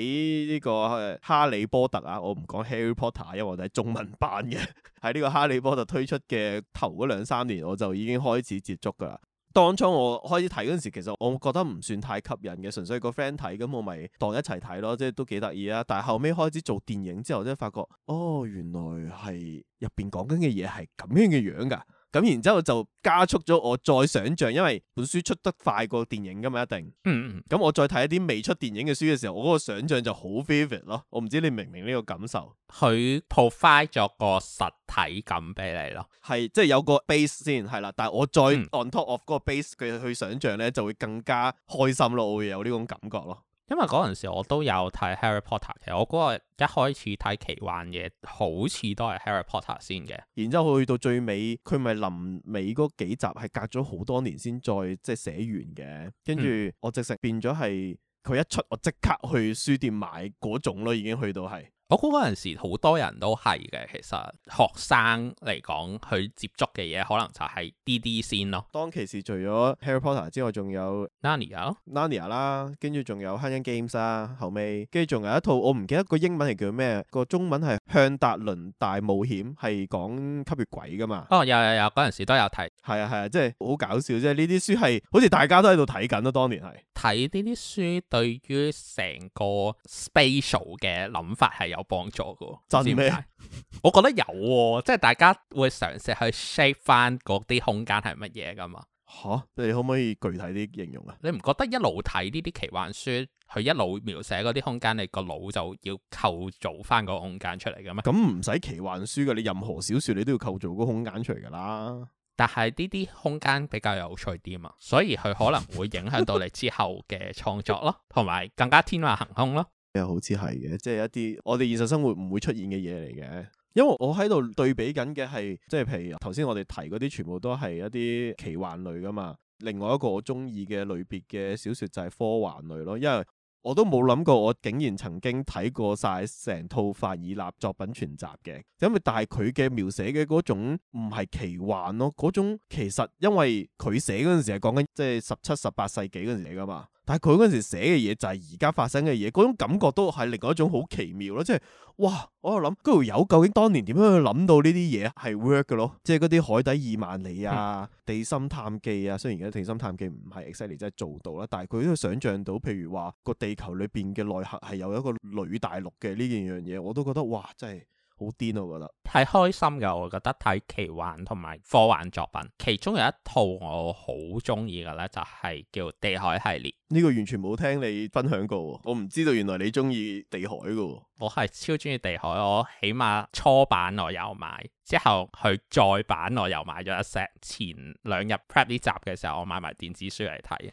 [SPEAKER 2] 呢個哈利波特啊，我唔講 Harry Potter，因為我哋係中文版嘅，喺呢個哈利波特推出嘅頭嗰兩三年，我就已經開始接觸噶啦。當初我開始睇嗰陣時，其實我覺得唔算太吸引嘅，純粹個 friend 睇，咁我咪當一齊睇咯，即係都幾得意啊！但係後尾開始做電影之後，即係發覺，哦，原來係入邊講緊嘅嘢係咁樣嘅樣㗎。咁然之後就加速咗我再想像，因為本書出得快過電影噶嘛，一定。咁、嗯、我再睇一啲未出電影嘅書嘅時候，我嗰個想像就好 vivid 咯。我唔知你明唔明呢個感受？佢 provide 咗個實體感俾你咯，係即係有個 base 先係啦。但係我再 on top of 嗰個 base，佢去想像咧就會更加開心咯。我會有呢種感覺咯。
[SPEAKER 1] 因為嗰陣時我都有睇《Harry Potter》，其實我嗰日一開始睇奇幻嘅，好似都係《Harry Potter》先嘅。
[SPEAKER 2] 然之後去到最尾，佢咪臨尾嗰幾集係隔咗好多年先再即係寫完嘅。跟住我直成變咗係佢一出我即刻去書店買嗰種咯，已經去到係。我估嗰
[SPEAKER 1] 陣時好多人都係嘅，其實學生嚟講佢接觸嘅嘢可能就係呢啲先咯。
[SPEAKER 2] 當其時除咗 Harry Potter 之外，仲有 Narnia、Narnia 啦，跟住仲有 Hunger Games 啦，後尾跟住仲有一套我唔記得個英文係叫咩，個中文係《向達倫大冒險》，係講吸血鬼噶嘛。
[SPEAKER 1] 哦，有有有，嗰陣時都有睇，係啊係啊，即係、啊、好搞笑，即係呢啲書係好似大家都喺度睇緊咯，當年係。睇呢啲書對於成個 spatial 嘅諗法係有幫助嘅，就點咧？ 我覺得有、哦，即係大家會嘗試去 shape 翻嗰啲空間係乜嘢噶嘛？嚇，你可唔可以具體啲形容啊？你唔覺得一路睇呢啲奇幻書，佢一路描寫嗰啲空間，你個腦就要構造翻個空間出嚟嘅咩？咁唔使奇幻書噶，你任何小説你都要構造個空間出嚟噶啦。但係呢啲空間比較有趣啲嘛，所以佢可能會影響到你之後嘅創作咯，同埋更加天馬行空咯。
[SPEAKER 2] 又好似係嘅，即係一啲我哋現實生活唔會出現嘅嘢嚟嘅。因為我喺度對比緊嘅係，即係譬如頭先我哋提嗰啲全部都係一啲奇幻類噶嘛。另外一個我中意嘅類別嘅小説就係科幻類咯，因為，我都冇諗過，我竟然曾經睇過晒成套凡爾納作品全集嘅，因為但係佢嘅描寫嘅嗰種唔係奇幻咯，嗰種其實因為佢寫嗰陣時係講緊即係十七、十八世紀嗰陣時嚟噶嘛。但係佢嗰陣時寫嘅嘢就係而家發生嘅嘢，嗰種感覺都係另外一種好奇妙咯。即係哇，我喺度諗嗰條友究竟當年點樣去諗到呢啲嘢係 work 嘅咯？即係嗰啲海底二萬里啊、嗯、地心探記啊。雖然而家地心探記唔係 exactly 真係做到啦，但係佢都想像到，譬如話個地球裏邊嘅內核係有一個女大陸嘅呢樣嘢，我都覺得
[SPEAKER 1] 哇，真係～好癲，我覺得係開心嘅，我覺得睇奇幻同埋科幻作品，其中有一套我好中意嘅咧，就係叫《地海系列》。呢
[SPEAKER 2] 個完全冇聽你分享過，我唔知道原來你中意地海嘅。
[SPEAKER 1] 我係超中意地海，我起碼初版我有買。之後佢再版我又買咗一 set。前兩日 prep 呢集嘅時候，我買埋電子書嚟睇。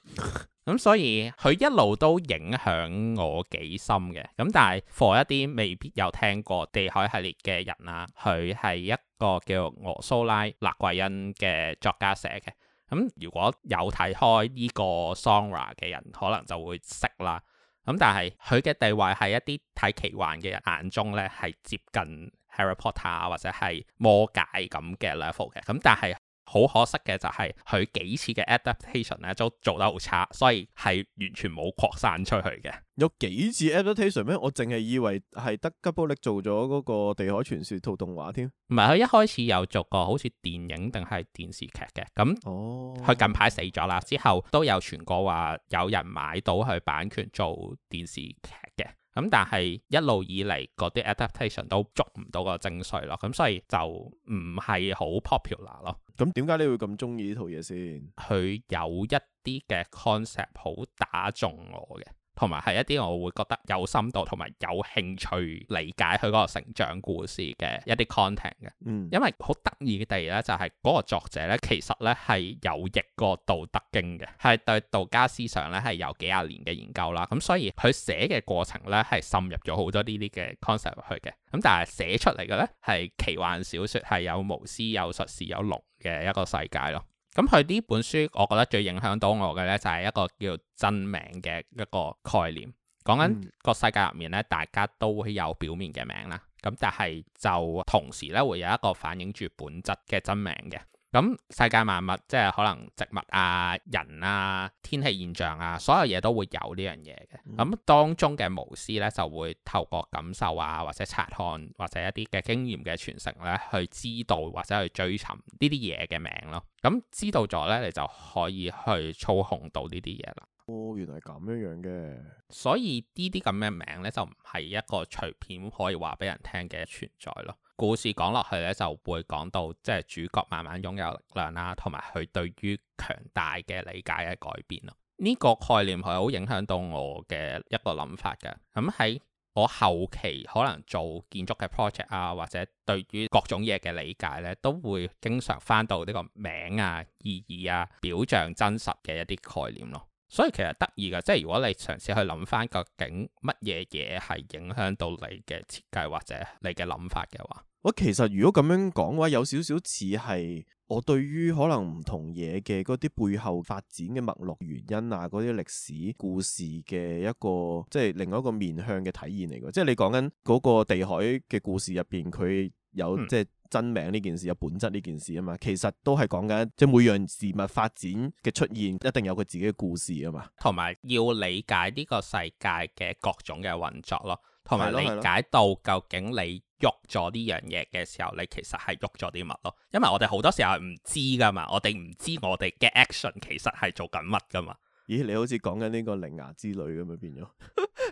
[SPEAKER 1] 咁所以佢一路都影響我幾深嘅。咁但係 for 一啲未必有聽過地海系列嘅人啦、啊，佢係一個叫俄蘇拉勒貴恩嘅作家寫嘅。咁如果有睇開呢個 sona 嘅人，可能就會識啦。咁但係佢嘅地位喺一啲睇奇幻嘅人眼中咧，係接近 Harry Potter 或者係魔戒咁嘅 level 嘅，咁但係好可惜嘅就係佢幾次嘅 adaptation 咧都做得好差，所以係完全冇擴散出去嘅。
[SPEAKER 2] 有幾次 adaptation 咩？我淨係以為係得吉卜力做咗嗰個地海傳說套動畫添。
[SPEAKER 1] 唔係佢一開始有做過好似電影定係電視劇嘅，咁佢近排死咗啦，哦、之後都有傳過話有人買到佢版權做電視劇嘅。咁但係一路以嚟嗰啲 adaptation 都捉唔到個精髓咯，咁所以就唔係好 popular 咯。咁點解你會咁中意呢套嘢先？佢有一啲嘅 concept 好打中我嘅。同埋係一啲我會覺得有深度同埋有興趣理解佢嗰個成長故事嘅一啲 content 嘅，嗯，因為好得意嘅地咧，就係嗰個作者咧，其實咧係有譯過《道德經》嘅，係對道家思想咧係有幾廿年嘅研究啦，咁所以佢寫嘅過程咧係滲入咗好多呢啲嘅 concept 去嘅，咁但係寫出嚟嘅咧係奇幻小説，係有巫師有術士有龍嘅一個世界咯。咁佢呢本書，我覺得最影響到我嘅呢，就係一個叫做真名嘅一個概念。講緊個世界入面呢，大家都會有表面嘅名啦，咁但係就同時呢，會有一個反映住本質嘅真名嘅。咁世界萬物即係可能植物啊、人啊、天氣現象啊，所有嘢都會有呢樣嘢嘅。咁、嗯、當中嘅巫師咧就會透過感受啊，或者察看，或者一啲嘅經驗嘅傳承咧，去知道或者去追尋呢啲嘢嘅名咯。咁、嗯、知道咗咧，你就可以去操控到呢啲嘢啦。哦，原來係咁樣樣嘅。所以這這呢啲咁嘅名咧，就唔係一個隨便可以話俾人聽嘅存在咯。故事講落去咧，就會講到即係主角慢慢擁有力量啦，同埋佢對於強大嘅理解嘅改變咯。呢個概念係好影響到我嘅一個諗法嘅。咁喺我後期可能做建築嘅 project 啊，或者對於各種嘢嘅理解咧，都會經常翻到呢個名啊、意義啊、表象真實嘅一啲概念咯。所以其實得意㗎，即係如果你嘗試去諗翻究竟，乜嘢嘢係影響到你嘅設計或者你嘅諗法嘅話，
[SPEAKER 2] 我其實如果咁樣講嘅話，有少少似係我對於可能唔同嘢嘅嗰啲背後發展嘅脈絡原因啊，嗰啲歷史故事嘅一個即係另外一個面向嘅體現嚟嘅，即係你講緊嗰個地海嘅故事入邊，佢有即係。嗯真名呢件事，有本質呢件事啊嘛，其實都係講緊即係每樣事物發展嘅出現，一定有佢自己嘅故事啊嘛。
[SPEAKER 1] 同埋要理解呢個世界嘅各種嘅運作咯，同埋理解到究竟你喐咗呢樣嘢嘅時候，你其實係喐咗啲乜咯，因為我哋好多時候係唔知噶嘛，我哋唔知我哋嘅 action 其實係做緊乜噶嘛。
[SPEAKER 2] 咦，你好似講緊呢個《靈牙
[SPEAKER 1] 之旅》咁 啊，變咗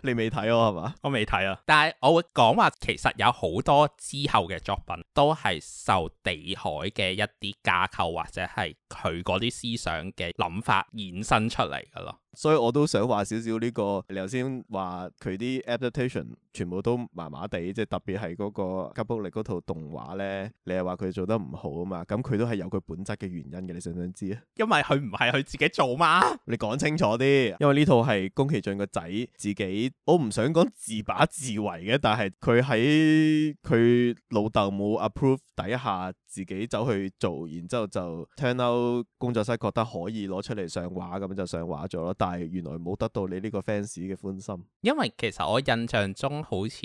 [SPEAKER 1] 你未睇我係嘛？我未睇啊，但係我會講話，其實有好多之後嘅作品都係受地海嘅一啲架構或者係佢嗰啲思想嘅諗法衍生出嚟㗎咯。
[SPEAKER 2] 所以我都想話少少呢、呢個，你頭先話佢啲 adaptation 全部都麻麻地，即係特別係嗰、嗰個《吉卜力》嗰套動畫咧，你係話佢做得唔好啊嘛，咁佢都係有佢本質嘅原因嘅，你想唔想知啊？
[SPEAKER 1] 因為佢唔係佢自己做嘛？
[SPEAKER 2] 你講清楚啲，因為呢套係宮崎駿個仔自己，我唔想講自把自為嘅，但係佢喺佢老豆冇 approve 底下。自己走去做，然之後就聽到工作室覺得可以攞出嚟上畫，咁就上畫咗咯。但係原來冇得到你呢個 fans 嘅歡心，
[SPEAKER 1] 因為其實我印象中好似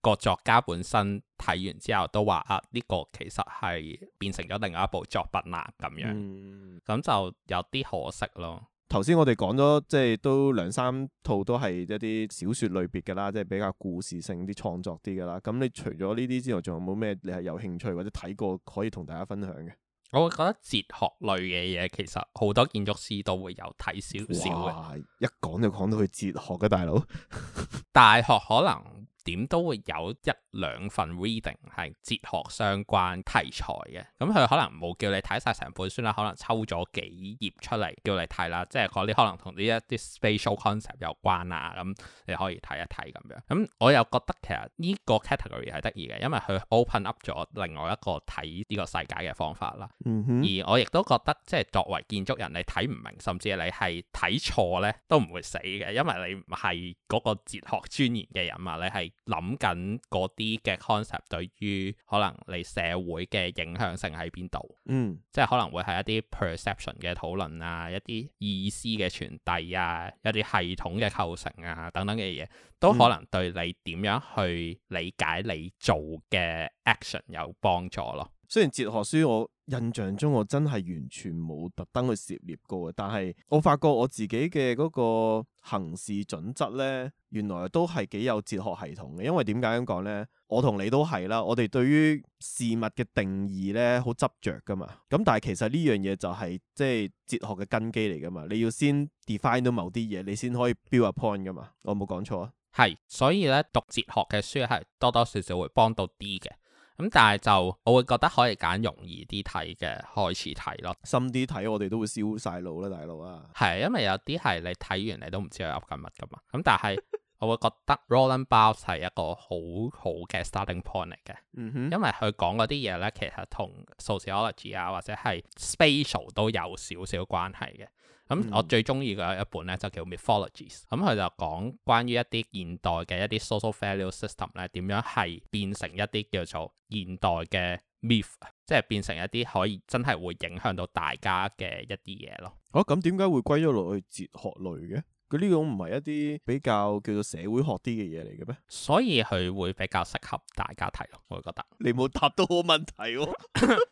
[SPEAKER 1] 個作家本身睇完之後都話啊，呢、這個其實係變成咗另外一部作品啦咁樣，咁、嗯、就有啲可惜咯。
[SPEAKER 2] 頭先我哋講咗，即係都兩三套都係一啲小說類別嘅啦，即係比較故事性啲創作啲嘅啦。咁你除咗呢啲之外，仲有冇咩你係有興趣或者睇過可以同大家分享嘅？
[SPEAKER 1] 我覺得哲學類嘅嘢其實好多建築師都會有睇少少哇！一
[SPEAKER 2] 講就講到去哲學嘅大佬，
[SPEAKER 1] 大學可能。點都會有一兩份 reading 係哲學相關題材嘅，咁佢可能冇叫你睇晒成本書啦，可能抽咗幾頁出嚟叫你睇啦，即係嗰啲可能同呢一啲 spatial concept 有關啊，咁你可以睇一睇咁樣。咁我又覺得其實呢個 category 係得意嘅，因為佢 open up 咗另外一個睇呢個世界嘅方法啦。嗯哼。而我亦都覺得即係作為建築人，你睇唔明甚至你係睇錯呢都唔會死嘅，因為你唔係嗰個哲學鑽研嘅人啊，你係。諗緊嗰啲嘅 concept，對於可能你社會嘅影響性喺邊度？嗯，即係可能會係一啲 perception 嘅討論啊，一啲意思嘅傳遞啊，一啲系統嘅構成啊，等等嘅嘢，都可能對你點樣去理解你做嘅 action 有幫助咯。
[SPEAKER 2] 雖然哲學書我印象中我真係完全冇特登去涉獵過嘅，但係我發覺我自己嘅嗰個行事準則咧，原來都係幾有哲學系統嘅。因為點解咁講咧？我同你都係啦，我哋對於事物嘅定義咧，好執着噶嘛。咁但係其實呢樣嘢就係、是、即係哲學嘅根基嚟噶嘛。你要先 define 到某啲嘢，你先可以 build a point 噶嘛。我冇講錯？
[SPEAKER 1] 係，所以咧，讀哲學嘅書係多多少少會幫到啲嘅。咁、嗯、但係就我會覺得可以揀容易啲睇嘅開始睇咯，深啲睇我哋都會燒晒腦啦，大佬啊！係，因為有啲係你睇完你都唔知佢噏緊乜噶嘛。咁、嗯、但係 我會覺得 Roland Barthes 係一個好好嘅 starting point 嚟嘅，嗯、哼因為佢講嗰啲嘢咧，其實同 sociology 啊或者係 spatial 都有少少關係嘅。咁我最中意嘅一本咧就叫 Mythologies，咁佢、嗯嗯、就講關於一啲現代嘅一啲 social value system 咧點樣係變成一啲叫做現代嘅 myth，即係變成一啲可以真係會影響到大家嘅一啲嘢咯。
[SPEAKER 2] 哦、啊，咁點解會歸咗落去哲學類嘅？佢呢種唔係一
[SPEAKER 1] 啲比較叫做社會學啲嘅嘢嚟嘅咩？所以佢會比較適合大家睇咯，我覺得。你冇答到我問題喎，啊。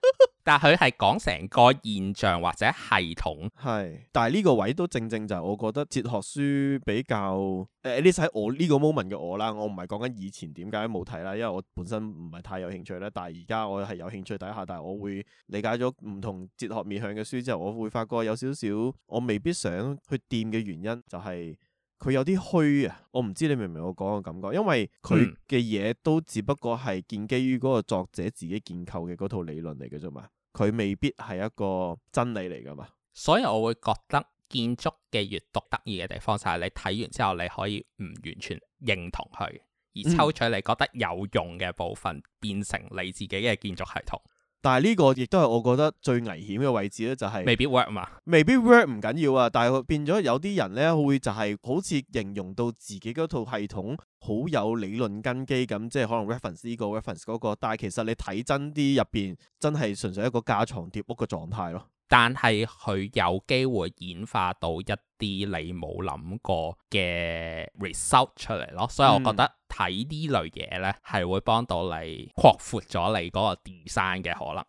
[SPEAKER 1] 但佢係講成個現象或者系統，
[SPEAKER 2] 係，但係呢個位都正正就係我覺得哲學書比較誒，呢我呢個 moment 嘅我啦，我唔係講緊以前點解冇睇啦，因為我本身唔係太有興趣咧，但係而家我係有興趣睇下，但係我會理解咗唔同哲學面向嘅書之後，我會發覺有少少我未必想去掂嘅原因就係、是。佢有啲虛啊，我唔知你明唔明我講嘅感覺，因為佢嘅嘢都只不過係建基於嗰個作者自己建構嘅嗰套理論嚟嘅啫嘛，佢未必係一個
[SPEAKER 1] 真理嚟噶嘛。所以我會覺得建築嘅閱讀得意嘅地方就係你睇完之後你可以唔完全認同佢，而抽取你覺得有用嘅部分，變成你自己嘅建築系統。
[SPEAKER 2] 但係呢個亦都係我覺得最危險嘅位置咧，就係未必 work 嘛，未必 work 唔緊要啊。但係變咗有啲人咧，會就係好似形容到自己嗰套系統好有理論根基咁，即係可能 reference 呢個
[SPEAKER 1] ，reference 嗰個。但係其實你睇真啲入邊，真係
[SPEAKER 2] 純粹一個架床疊屋嘅狀態咯。
[SPEAKER 1] 但係佢有機會演化到一啲你冇諗過嘅 result 出嚟咯。所以我覺得、嗯。睇呢類嘢呢，係會幫到你擴闊咗你嗰個 design 嘅可能，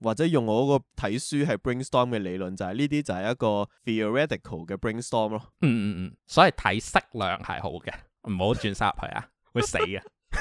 [SPEAKER 2] 或者用我嗰個睇書係 brainstorm 嘅理論、就是，就係呢啲就係一個 theoretical 嘅 brainstorm 咯。嗯嗯嗯，所以睇適量係好嘅，唔好轉曬入去啊， 會死嘅。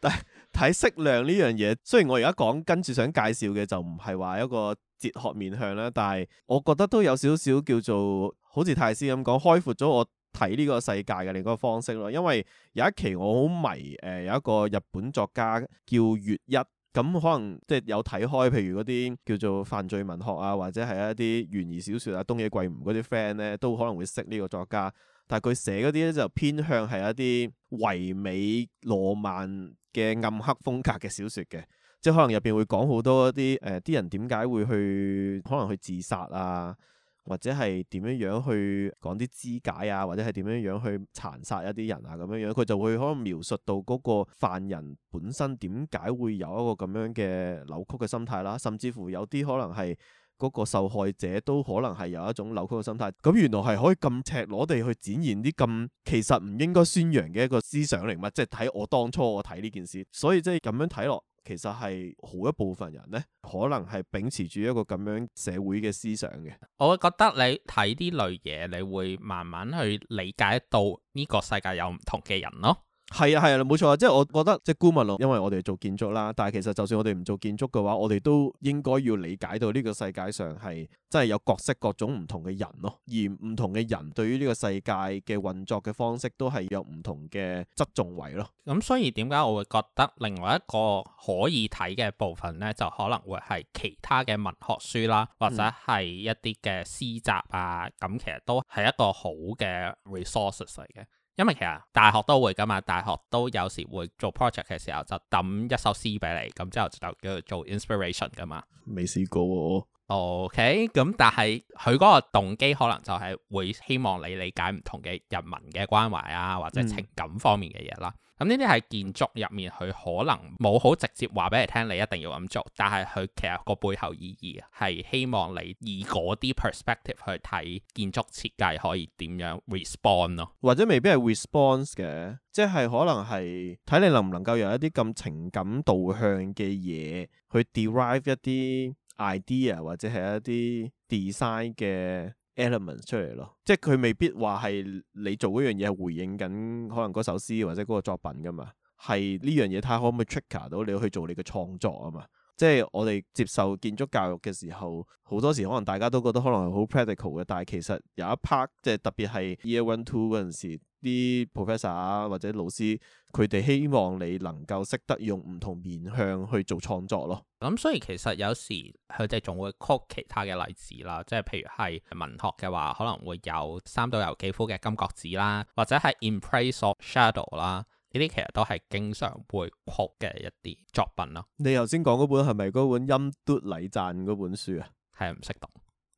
[SPEAKER 2] 但係睇適量呢樣嘢，雖然我而家講跟住想介紹嘅就唔係話一個哲學面向啦，但係我覺得都有少少叫做好似泰斯咁講，開闊咗我睇呢個世界嘅另一個方式咯，因為有一期我好迷誒、呃、有一個日本作家叫月一，咁、嗯、可能即係有睇開譬如嗰啲叫做犯罪文學啊，或者係一啲懸疑小説啊，東野圭吾嗰啲 friend 咧都可能會識呢個作家，但係佢寫嗰啲咧就偏向係一啲唯美羅曼嘅暗黑風格嘅小説嘅，即係可能入邊會講好多一啲誒啲人點解會去可能去自殺啊。或者係點樣樣去講啲肢解啊，或者係點樣樣去殘殺一啲人啊咁樣樣，佢就會可能描述到嗰個犯人本身點解會有一個咁樣嘅扭曲嘅心態啦、啊，甚至乎有啲可能係嗰個受害者都可能係有一種扭曲嘅心態。咁、嗯、原來係可以咁赤裸地去展現啲咁其實唔應該宣揚嘅一個思想嚟嘛？即係睇我當初我睇呢件事，所以即係咁樣睇落。其實係好一部分人咧，可能係秉持住一個咁樣社會嘅思想嘅。
[SPEAKER 1] 我會覺得你睇啲類嘢，你會慢慢去理解到呢個世界有唔同嘅人
[SPEAKER 2] 咯。係啊，係啊，冇錯啊！即係我覺得，即係顧問咯，因為我哋做建築啦，但係其實就算我哋唔做建築嘅話，我哋都應該要理解到呢個世界上係真係有各式各種唔同嘅人咯，而唔同嘅人對於呢個世界嘅
[SPEAKER 1] 運作嘅方式都係有唔同嘅側重位咯。咁所以點解我會覺得另外一個可以睇嘅部分呢，就可能會係其他嘅文學書啦，或者係一啲嘅詩集啊，咁其實都係一個好嘅 resources 嚟嘅。因為其實大學都會噶嘛，大學都有時會做 project 嘅時候就抌一首詩俾你，咁之後就叫做 inspiration 噶嘛。
[SPEAKER 2] 未試過喎。
[SPEAKER 1] OK，咁但係佢嗰個動機可能就係會希望你理解唔同嘅人民嘅關懷啊，或者情感方面嘅嘢啦。嗯咁呢啲係建築入面，佢可能冇好直接話俾你聽，你一定要咁做。但係佢其實個背後意義係希望你以嗰啲 perspective 去睇建築設計可以點樣 respond 咯，
[SPEAKER 2] 或者未必係 response 嘅，即係可能係睇你能唔能夠由一啲咁情感導向嘅嘢去 derive 一啲 idea 或者係一啲 design 嘅 elements 出嚟咯，即係佢未必話係你做嗰樣嘢係回應緊可能嗰首詩或者嗰個作品噶嘛，係呢樣嘢，睇下可唔可以 trigger 到你要去做你嘅創作啊嘛。即係我哋接受建築教育嘅時候，好多時可能大家都覺得可能係好 practical 嘅，但係其實有一 part 即係特別係 Year One Two 嗰陣時，啲 professor 或者老師佢哋希望你能夠識得用唔同面向去做創作咯。
[SPEAKER 1] 咁所以其實有時佢哋仲會 call 其他嘅例子啦，即係譬如係文學嘅話，可能會有三島由紀夫嘅《金閣寺》啦，或者係《In Praise of Shadows》啦。呢啲其實都係經常會 quote 嘅一啲作品咯。
[SPEAKER 2] 你頭先講嗰本係咪嗰本《陰翳禮讚》嗰本書啊？係唔識讀，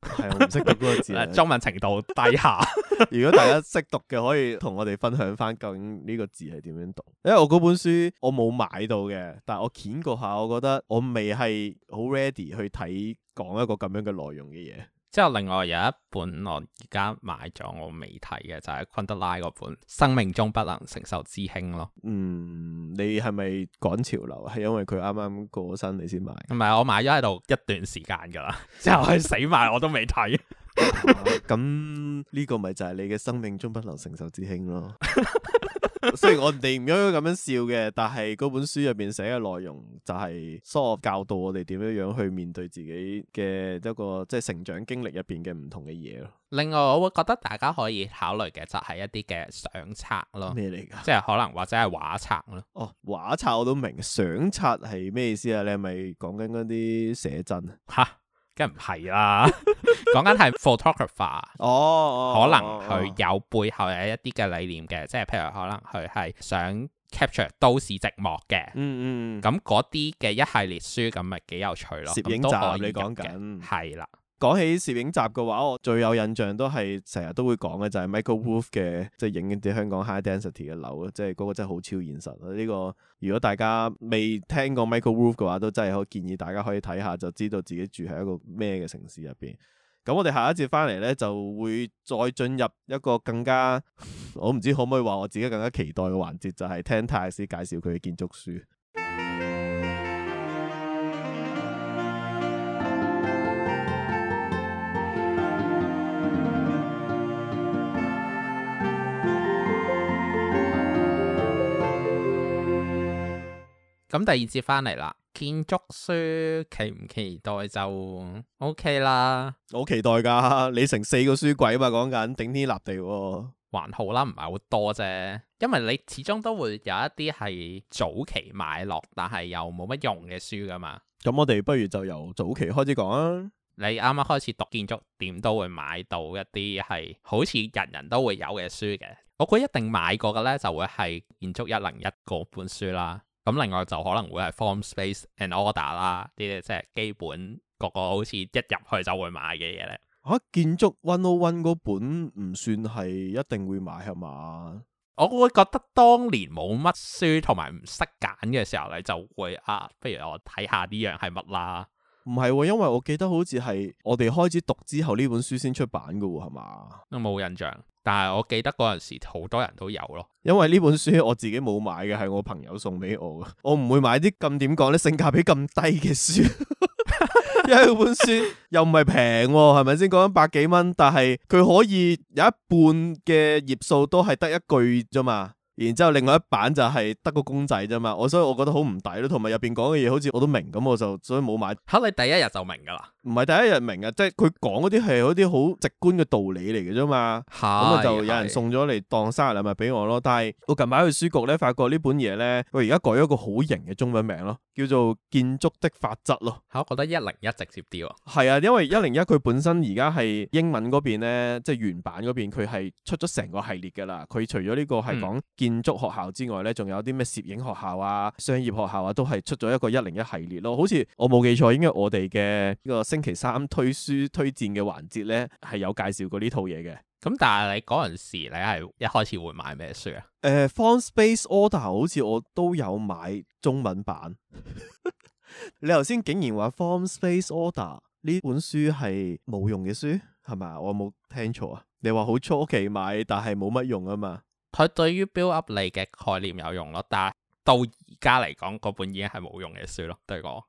[SPEAKER 2] 係唔識讀嗰個字， 中文
[SPEAKER 1] 程度低下。
[SPEAKER 2] 如果大家識讀嘅，可以同我哋分享翻究竟呢個字係點樣讀。因為我嗰本書我冇買到嘅，但係我掀過下，我覺得我未係好 ready 去睇講一個咁樣嘅內
[SPEAKER 1] 容嘅嘢。之後，另外有一本我而家買咗，我未睇嘅就係、是、昆德拉嗰本《生命中不能承受之輕》咯。嗯，
[SPEAKER 2] 你係咪趕潮流？係因為佢啱啱過身，你先買？
[SPEAKER 1] 唔係，我買咗喺度一段時間㗎啦，之 後係死埋我都未睇。
[SPEAKER 2] 咁呢、 啊、個咪就係你嘅生命中不能承受之輕咯。 雖然我哋唔應該咁樣笑嘅，但係嗰本書入邊寫嘅內容就係蘇教導我哋點樣樣去面對自己嘅一個即係、就是、成長經歷入邊嘅唔同嘅嘢咯。
[SPEAKER 1] 另外我會覺得大家可以考慮嘅就係一啲嘅相冊咯。咩嚟噶？即係可能或者係畫冊咯。
[SPEAKER 2] 哦，畫冊我都明，相冊係咩意思啊？你係咪講緊嗰啲寫真啊？吓！
[SPEAKER 1] 梗唔係啦，講緊係 photographer 哦，可能佢有背後有一啲嘅理念嘅，即係譬如可能佢係想 capture 都市寂寞嘅，嗯，嗯嗯，咁嗰啲嘅一系列書咁咪幾有趣咯，攝影集都可以你講緊係啦。
[SPEAKER 2] 講起攝影集嘅話，我最有印象都係成日都會講嘅就係、是、Michael Wolf 嘅，即、就、係、是、影一啲香港 High Density 嘅樓，即係嗰個真係好超現實。呢、這個如果大家未聽過 Michael Wolf 嘅話，都真係好建議大家可以睇下，就知道自己住喺一個咩嘅城市入邊。咁我哋下一節翻嚟呢，就會再進入一個更加，我唔知可唔可以話我自己更加期待嘅環節，就係、是、聽泰斯介紹佢嘅建築書。
[SPEAKER 1] 咁第二節翻嚟啦，建築書期唔期待就 OK 啦。好期待噶，你成四個書櫃啊嘛，講緊頂天立地喎，還好啦，唔係好多啫。因為你始終都會有一啲係早期買落，但係又冇乜用嘅書噶嘛。
[SPEAKER 2] 咁我哋不如就由早期開始講啊。
[SPEAKER 1] 你啱啱開始讀建築，點都會買到一啲係好似人人都會有嘅書嘅。我估一定買過嘅咧，就會係建築一零一嗰本書啦。咁另外就可能會係 form space and order 啦，呢啲即係基本個個好似一入去就會買嘅嘢咧。嚇、啊，
[SPEAKER 2] 建築 one o one 嗰本唔算係一定會買係嘛？
[SPEAKER 1] 我會覺得當年冇乜書同埋唔識揀嘅時候咧，你就會啊，不如我睇下呢樣係乜啦。
[SPEAKER 2] 唔係喎，因為我記得好似係我哋開始讀之後呢本書先出版嘅喎，係嘛？
[SPEAKER 1] 冇印象。但係我記得嗰陣時好多人都有咯，
[SPEAKER 2] 因為呢本書我自己冇買嘅係我朋友送俾我嘅，我唔會買啲咁點講呢，性價比咁低嘅書，
[SPEAKER 1] 因為本書
[SPEAKER 2] 又唔係平喎，係咪先講緊百幾蚊？但係佢可以有一半嘅頁數都係得一句啫嘛，然之後另外一版就係得個公仔啫嘛，我所以我覺得，得好唔抵咯，同埋入邊講嘅嘢好似我都明咁，我就所以冇買。吓，你第一日就明㗎啦。唔係第一日明啊，即係佢講嗰啲係嗰啲好直觀嘅道理嚟嘅啫嘛。咁啊係係。就有人送咗嚟當生日禮物俾我咯。但係我近排去書局咧，發覺呢本嘢咧，佢而家改咗個好型嘅中文名咯，叫做《建築的法則》咯。
[SPEAKER 1] 嚇，我覺得一零一直接啲喎。
[SPEAKER 2] 係啊，因為一零一佢本身而家係英文嗰邊咧，即係原版嗰邊佢係出咗成個系列㗎啦。佢除咗呢個係講建築學校之外咧，仲有啲咩攝影學校啊、商業學校啊，都係出咗一個一零一系列咯。好似我冇記錯，應該我哋嘅呢個。星期三推書
[SPEAKER 1] 推薦嘅環節呢，係有介紹過呢套嘢嘅。咁、嗯、但係你嗰陣時，你係一開始會買咩書啊？誒、
[SPEAKER 2] 呃，《Form Space Order》好似我都有買中文版。 你頭先竟然話《Form Space Order》呢本書係冇用嘅書，係咪？我冇聽錯啊？你話好初期買，但係冇乜用啊嘛？
[SPEAKER 1] 佢對於 build up 嚟嘅概念有用咯，但係到而家嚟講，嗰本已經係冇用嘅書咯，對我。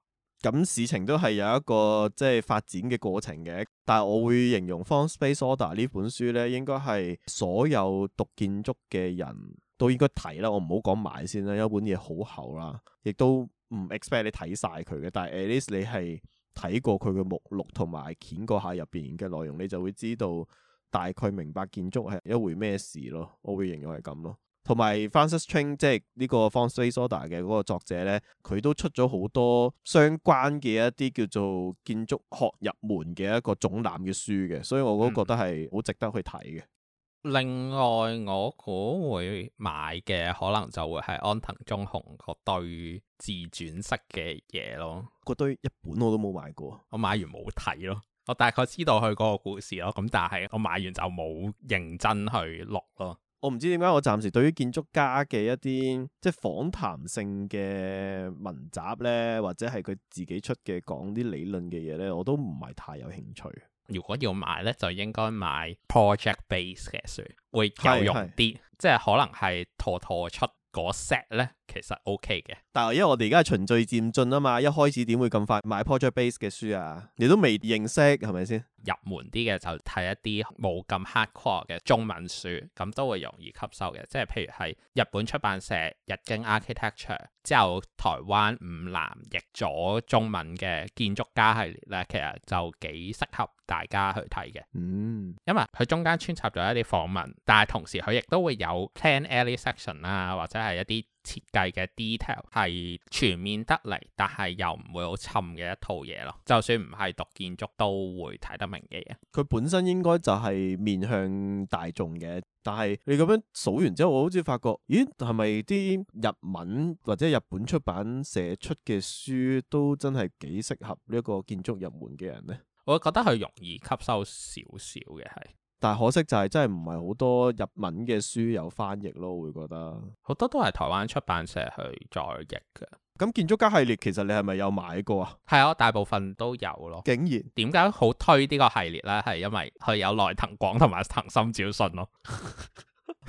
[SPEAKER 2] 咁、嗯、事情都係有一個即係發展嘅過程嘅，但係我會形容《Form Space Order》呢本書呢，應該係所有讀建築嘅人都應該睇啦。我唔好講埋先啦，一本嘢好厚啦，亦都唔 expect 你睇晒佢嘅，但係 at least 你係睇過佢嘅目錄同埋揀過下入邊嘅內容，你就會知道大概明白建築係一回咩事咯。我會形容係咁咯。同埋 Francis Train 即係呢個 Foster Soda 嘅嗰個作者呢，佢都出咗好多相關嘅一啲叫做建築學入門嘅一個總覽嘅書嘅，所以我都覺得係好值得去睇嘅、嗯。
[SPEAKER 1] 另外，我會買嘅可能就會係安藤忠雄嗰堆自傳式嘅嘢咯，嗰堆一本我都冇買過，我買完冇睇咯，我大概知道佢嗰個故事咯，咁但係我買完就冇認真去讀咯。我
[SPEAKER 2] 唔知點解，我暫時對於建築家嘅一啲即係訪談性嘅文集咧，或者係佢自己出嘅講啲理論嘅嘢咧，我都唔係太有興趣。
[SPEAKER 1] 如果要買咧，就應該買 Project Based 嘅書，會有用啲。是是即係可能係陀陀出嗰 set 咧，其實 OK 嘅。
[SPEAKER 2] 但係因為我哋而家係循序漸進啊嘛，一開始點會咁快買 Project Based 嘅書啊？你都未認識係咪先？是
[SPEAKER 1] 入門啲嘅就睇一啲冇咁 hardcore 嘅中文書，咁都會容易吸收嘅。即係譬如係日本出版社《日經 Architecture》之後，台灣五南譯咗中文嘅建築家系列咧，其實就幾適合大家去睇嘅。嗯，因為佢中間穿插咗一啲訪問，但係同時佢亦都會有 Plan Ele Section 啊，或者係一啲。設計嘅 detail 係全面得嚟，但係又唔會好沉嘅一套嘢咯。就算唔係讀建築都會睇得明嘅嘢。
[SPEAKER 2] 佢本身應該就係面向大眾嘅，但係你咁樣數完之後，我好似發覺，咦，係咪啲日文或者日本出版社出嘅書都真係幾適合呢個建築入門嘅人呢？
[SPEAKER 1] 我覺得係容易吸收少少嘅係。
[SPEAKER 2] 但可惜就係真係唔係好多日文嘅書
[SPEAKER 1] 有翻譯咯，會覺得好多都係台灣出版社去再譯嘅。咁、嗯、建築家系列其實你係咪有買過啊？係啊，大部分都有咯。竟然？點解好推呢個系列呢？係因為佢有內藤廣同埋藤森照信咯。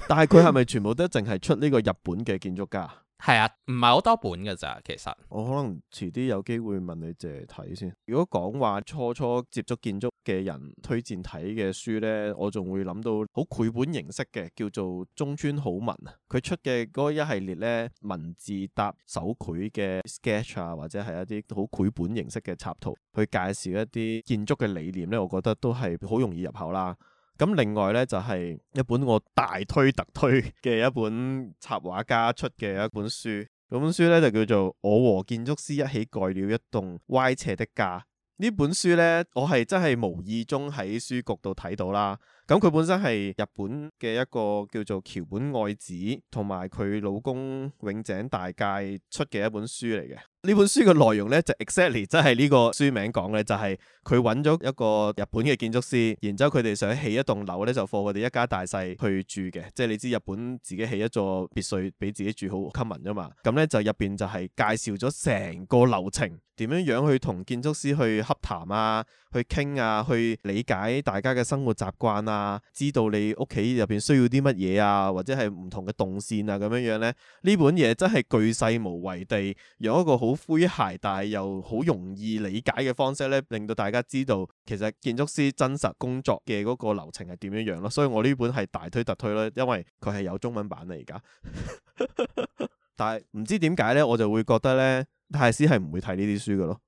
[SPEAKER 1] 但係
[SPEAKER 2] 佢係咪全部都淨係出呢個日本嘅建築家？
[SPEAKER 1] 係啊，唔係好多本噶咋，其實。
[SPEAKER 2] 我可能遲啲有機會問你借睇先。如果講話初初接觸建築嘅人推薦睇嘅書呢，我仲會諗到好繪本形式嘅，叫做中村好文，佢出嘅嗰一系列咧，文字搭手繪嘅 sketch 啊，或者係一啲好繪本形式嘅插圖去介紹一啲建築嘅理念呢，我覺得都係好容易入口啦。咁另外呢，就係一本我大推特推嘅一本插畫家出嘅一本書，本書呢，就叫做《我和建築師一起蓋了一棟歪斜的家》。呢本書呢，我係真係無意中喺書局度睇到啦。咁佢本身係日本嘅一個叫做橋本愛子同埋佢老公永井大介出嘅一本書嚟嘅。呢本書嘅內容呢，就 exactly 即係呢個書名講嘅，就係佢揾咗一個日本嘅建築師，然之後佢哋想起一棟樓呢，就放佢哋一家大細去住嘅，即係你知日本自己起一座別墅俾自己住好 common 吖嘛，咁呢，就入邊就係介紹咗成個流程，點樣樣去同建築師去洽談啊，去傾啊，去理解大家嘅生活習慣啊，知道你屋企入邊需要啲乜嘢啊，或者係唔同嘅動線啊咁樣樣呢，呢本嘢真係巨細無遺地有一個好。好詼諧，但係又好容易理解嘅方式咧，令到大家知道其實建築師真實工作嘅嗰個流程係點樣樣咯。所以我呢本係大推特推啦，因為佢係有中文版嚟，而家。 但係唔知點解咧，我就會覺得咧，大師係唔會睇呢啲書噶咯。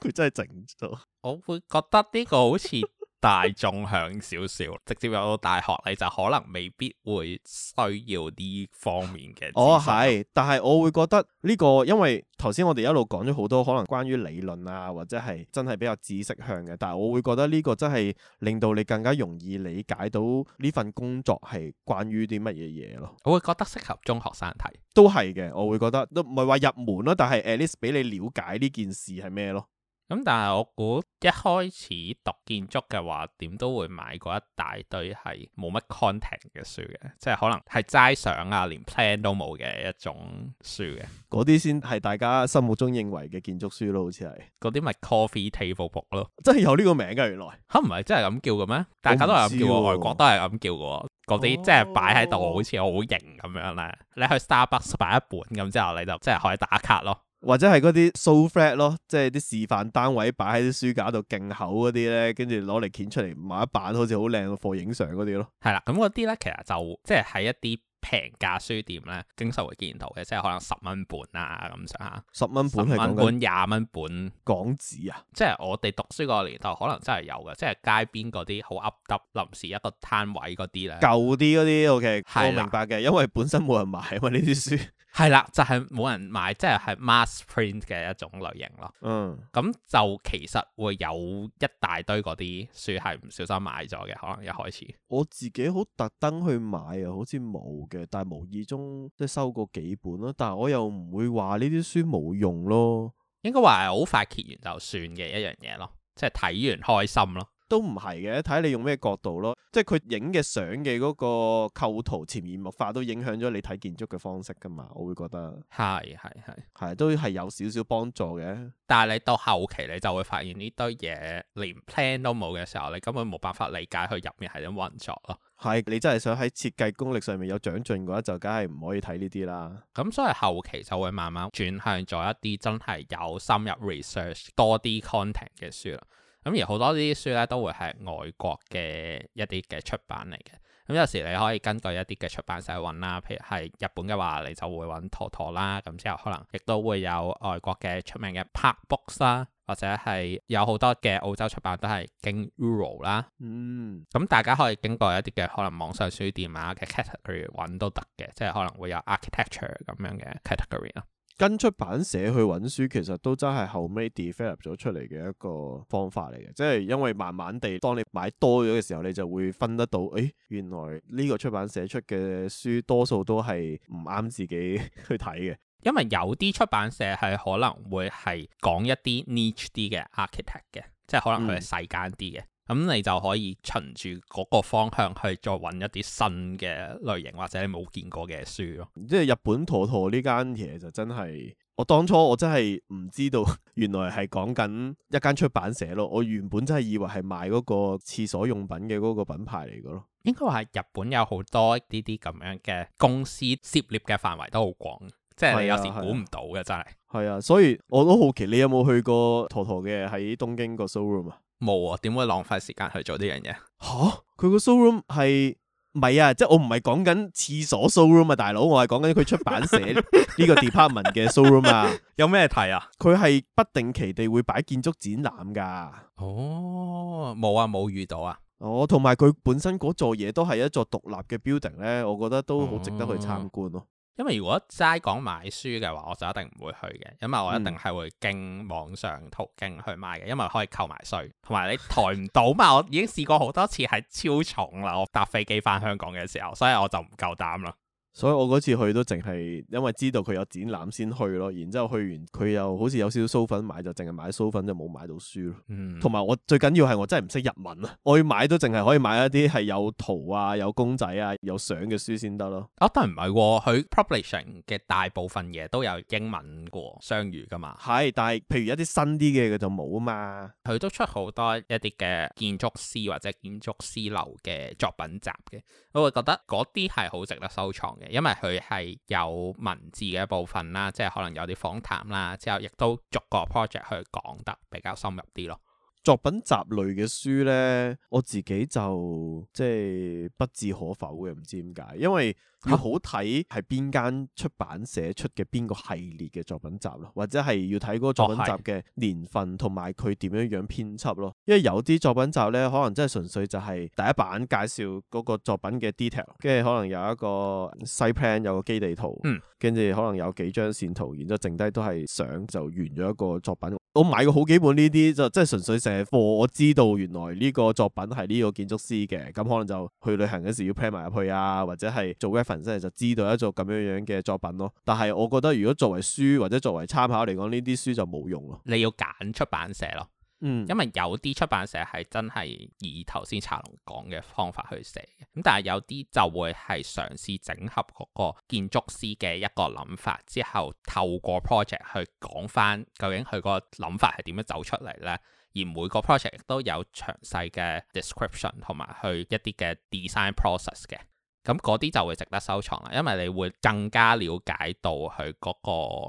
[SPEAKER 2] 佢 真係整咗。
[SPEAKER 1] 我會覺得呢個好似。 大眾響少少，直接有到大學你就可能未必會需要呢方面嘅。哦，
[SPEAKER 2] 係，但係我會覺得呢個，因為頭先我哋一路講咗好多可能關於理論啊，或者係真係比較知識向嘅。但係我會覺得呢個真係令到你更加容易理解到呢份工作係關於啲乜嘢嘢咯。我會覺得適合中學生睇，都係嘅。我會覺得都唔係話入門咯，但係 at least 俾你了解呢件事係咩咯。
[SPEAKER 1] 咁、嗯、但係我估一開始讀建築嘅話，點都會買過一大堆係冇乜 content 嘅書嘅，即係可能係齋相啊，連 plan 都冇嘅一種書嘅，
[SPEAKER 2] 嗰啲先係大家心目中認為嘅建築書咯，好似係、嗯、
[SPEAKER 1] 嗰啲咪 coffee table book 咯，真係有呢個名噶、啊、原來吓唔係真係咁叫嘅咩？大家都係咁叫喎，外國都係咁叫嘅喎，嗰啲、哦、即係擺喺度好似好型咁樣咧，你去 Starbucks 擺一本咁之後，你就即係可以打卡咯。
[SPEAKER 2] 或者係嗰啲 show flat 咯，即係啲示範單位擺喺啲書架度勁厚嗰啲咧，跟住攞嚟攣出嚟買一版，好似好靚嘅貨影相嗰啲咯。係啦，咁嗰啲咧其實就
[SPEAKER 1] 即係喺一啲平價書店咧，經常會見到嘅，即係可能十蚊本啊咁上下。十蚊本係本、廿蚊本港紙啊！即係我哋讀書個年代，可能真係有嘅，即係街邊嗰啲好 up 啲，up，臨時一個攤位嗰啲咧。舊啲嗰啲 OK，的我明白嘅，因為本身冇人買嘛呢啲書。 係啦，就係、是、冇人買，即、就、係、是、係 mass print 嘅一種類型咯。嗯，咁就其實會有一大堆嗰啲書係唔小心買咗嘅，可能一開始。
[SPEAKER 2] 我自己好特登去買啊，好似冇嘅，但係無意中即係收過幾本咯、啊。但係我又唔會話呢啲書冇用咯。
[SPEAKER 1] 應該話係好快揭完就算嘅一樣嘢咯，即係睇完開心咯。都唔係嘅，
[SPEAKER 2] 睇你用咩角度咯。即係佢影嘅相嘅嗰個構圖，潛移默化都影響咗你睇建築嘅方式噶嘛。我會覺得
[SPEAKER 1] 係係係係
[SPEAKER 2] 都係有少少幫助嘅。
[SPEAKER 1] 但係你到後期你就會發現呢堆嘢連 plan 都冇嘅時候，你根本冇辦法理解佢入面係點運作咯。
[SPEAKER 2] 係你真係想喺設計功
[SPEAKER 1] 力上面有長進嘅話，就梗係唔可以睇呢啲啦。咁所以後期就會慢慢轉向咗一啲真係有深入 research、多啲 content 嘅書啦。咁而好多啲書咧都會係外國嘅一啲嘅出版嚟嘅，咁有時你可以根據一啲嘅出版社揾啦，譬如係日本嘅話，你就會揾 TOTO 啦，咁之後可能亦都會有外國嘅出名嘅 Park Books 啦，或者係有好多嘅澳洲出版都係經 Uro 啦，嗯，咁大家可以經過一啲嘅可能網上書店啊嘅 category 揾都得嘅，即係可能會有 architecture 咁樣嘅 category 啊。
[SPEAKER 2] 跟出版社去揾書，其實都真係後尾 develop 咗出嚟嘅一個方法嚟嘅，即係因為慢慢地，當你買多咗嘅時候，你就會分得到，誒、哎，原來呢個出版社出
[SPEAKER 1] 嘅書多數都係唔啱自己去睇嘅。因為有啲出版社係可能會係講一啲 niche 啲嘅 architect 嘅，即係可能佢係細間啲嘅。嗯咁你就可以循住嗰個方向去再揾一啲新嘅類型，或者你冇見過嘅書
[SPEAKER 2] 咯。即係日本坨坨呢間嘢就真係，我當初我真係唔知道，原來係講緊一間出版社咯。我原本真係以為係賣嗰個廁所用品嘅嗰個品牌嚟嘅咯。
[SPEAKER 1] 應該話係日本有好多一啲啲咁樣嘅公司涉獵嘅範圍都好廣，即係你有時估唔到嘅、啊啊、真係
[SPEAKER 2] 嘅。係啊，所以我都好奇，你有冇去過坨坨嘅喺東京個 showroom 啊？
[SPEAKER 1] 冇啊，點會浪費時間去做呢樣嘢？
[SPEAKER 2] 吓、啊，佢個 showroom 係，唔係啊，即係我唔係講緊廁所 showroom 啊，大佬，我係講緊佢出版社呢 個 department 嘅 showroom 啊， 有咩題啊？佢係不定期地會擺建築展覽噶。哦，冇啊，冇遇到啊。哦，同埋佢本身嗰座嘢都係一座獨立嘅 building 咧，我覺得都好值得去參觀咯、啊。哦
[SPEAKER 1] 因為如果齋講買書嘅話，我就一定唔會去嘅，因為我一定係會經網上途徑去買嘅，因為可以扣埋稅，同埋你抬唔到嘛， 我已經試過好多次係超重啦，我搭飛機翻香港嘅時候，所以我就唔夠膽啦。
[SPEAKER 2] 所以我嗰次去都淨係因為知道佢有展覽先去咯，然之後去完佢又好似有少少書粉買，就淨係買書粉就冇買到書咯。嗯，同埋我最緊要係我真係唔識日文啊！我要買都淨係可以買一啲係有圖啊、有公仔啊、有相嘅
[SPEAKER 1] 書先得咯。啊，但係唔係喎？佢 publishing 嘅大部分嘢都有英文嘅雙語噶嘛？係，但係譬如一啲新啲嘅佢就冇啊嘛。佢都出好多一啲嘅建築師或者建築師樓嘅作品集嘅，我會覺得嗰啲係好值得收藏嘅。因為佢係有文字嘅一部分啦，即係可能有啲訪談啦，之後亦都逐個 project 去講得比較深入啲囉。
[SPEAKER 2] 作品集類嘅書呢，我自己就即係不置可否嘅，唔知點解。因為要好睇係邊間出版社出嘅，邊個系列嘅作品集咯，或者係要睇嗰個作品集嘅年份同埋佢點樣樣編輯咯。因為有啲作品集呢，可能真係純粹就係第一版介紹嗰個作品嘅 detail，跟住可能有一個 site plan，有個基地圖，跟住可能有幾張線圖，然之後剩低都係相就完咗一個作品。我買過好幾本呢啲，就即係純粹成貨。我知道原來呢個作品係呢個建築師嘅，咁可能就去旅行嗰時要 plan 埋入去啊，或者係做 r e 即係就知道一座咁樣樣嘅作品咯。但係我覺得，如果作為書或者作為參考嚟講，呢啲書就冇用咯。
[SPEAKER 1] 你要揀出版社咯，嗯，因為有啲出版社係真係以頭先查龍講嘅方法去寫嘅。咁但係有啲就會係嘗試整合嗰個建築師嘅一個諗法，之後透過 project 去講返究竟佢個諗法係點樣走出嚟咧。而每個 project 都有詳細嘅 description 同埋去一啲嘅 design process 嘅。咁嗰啲就會值得收藏啦，因為你會更加了解到佢嗰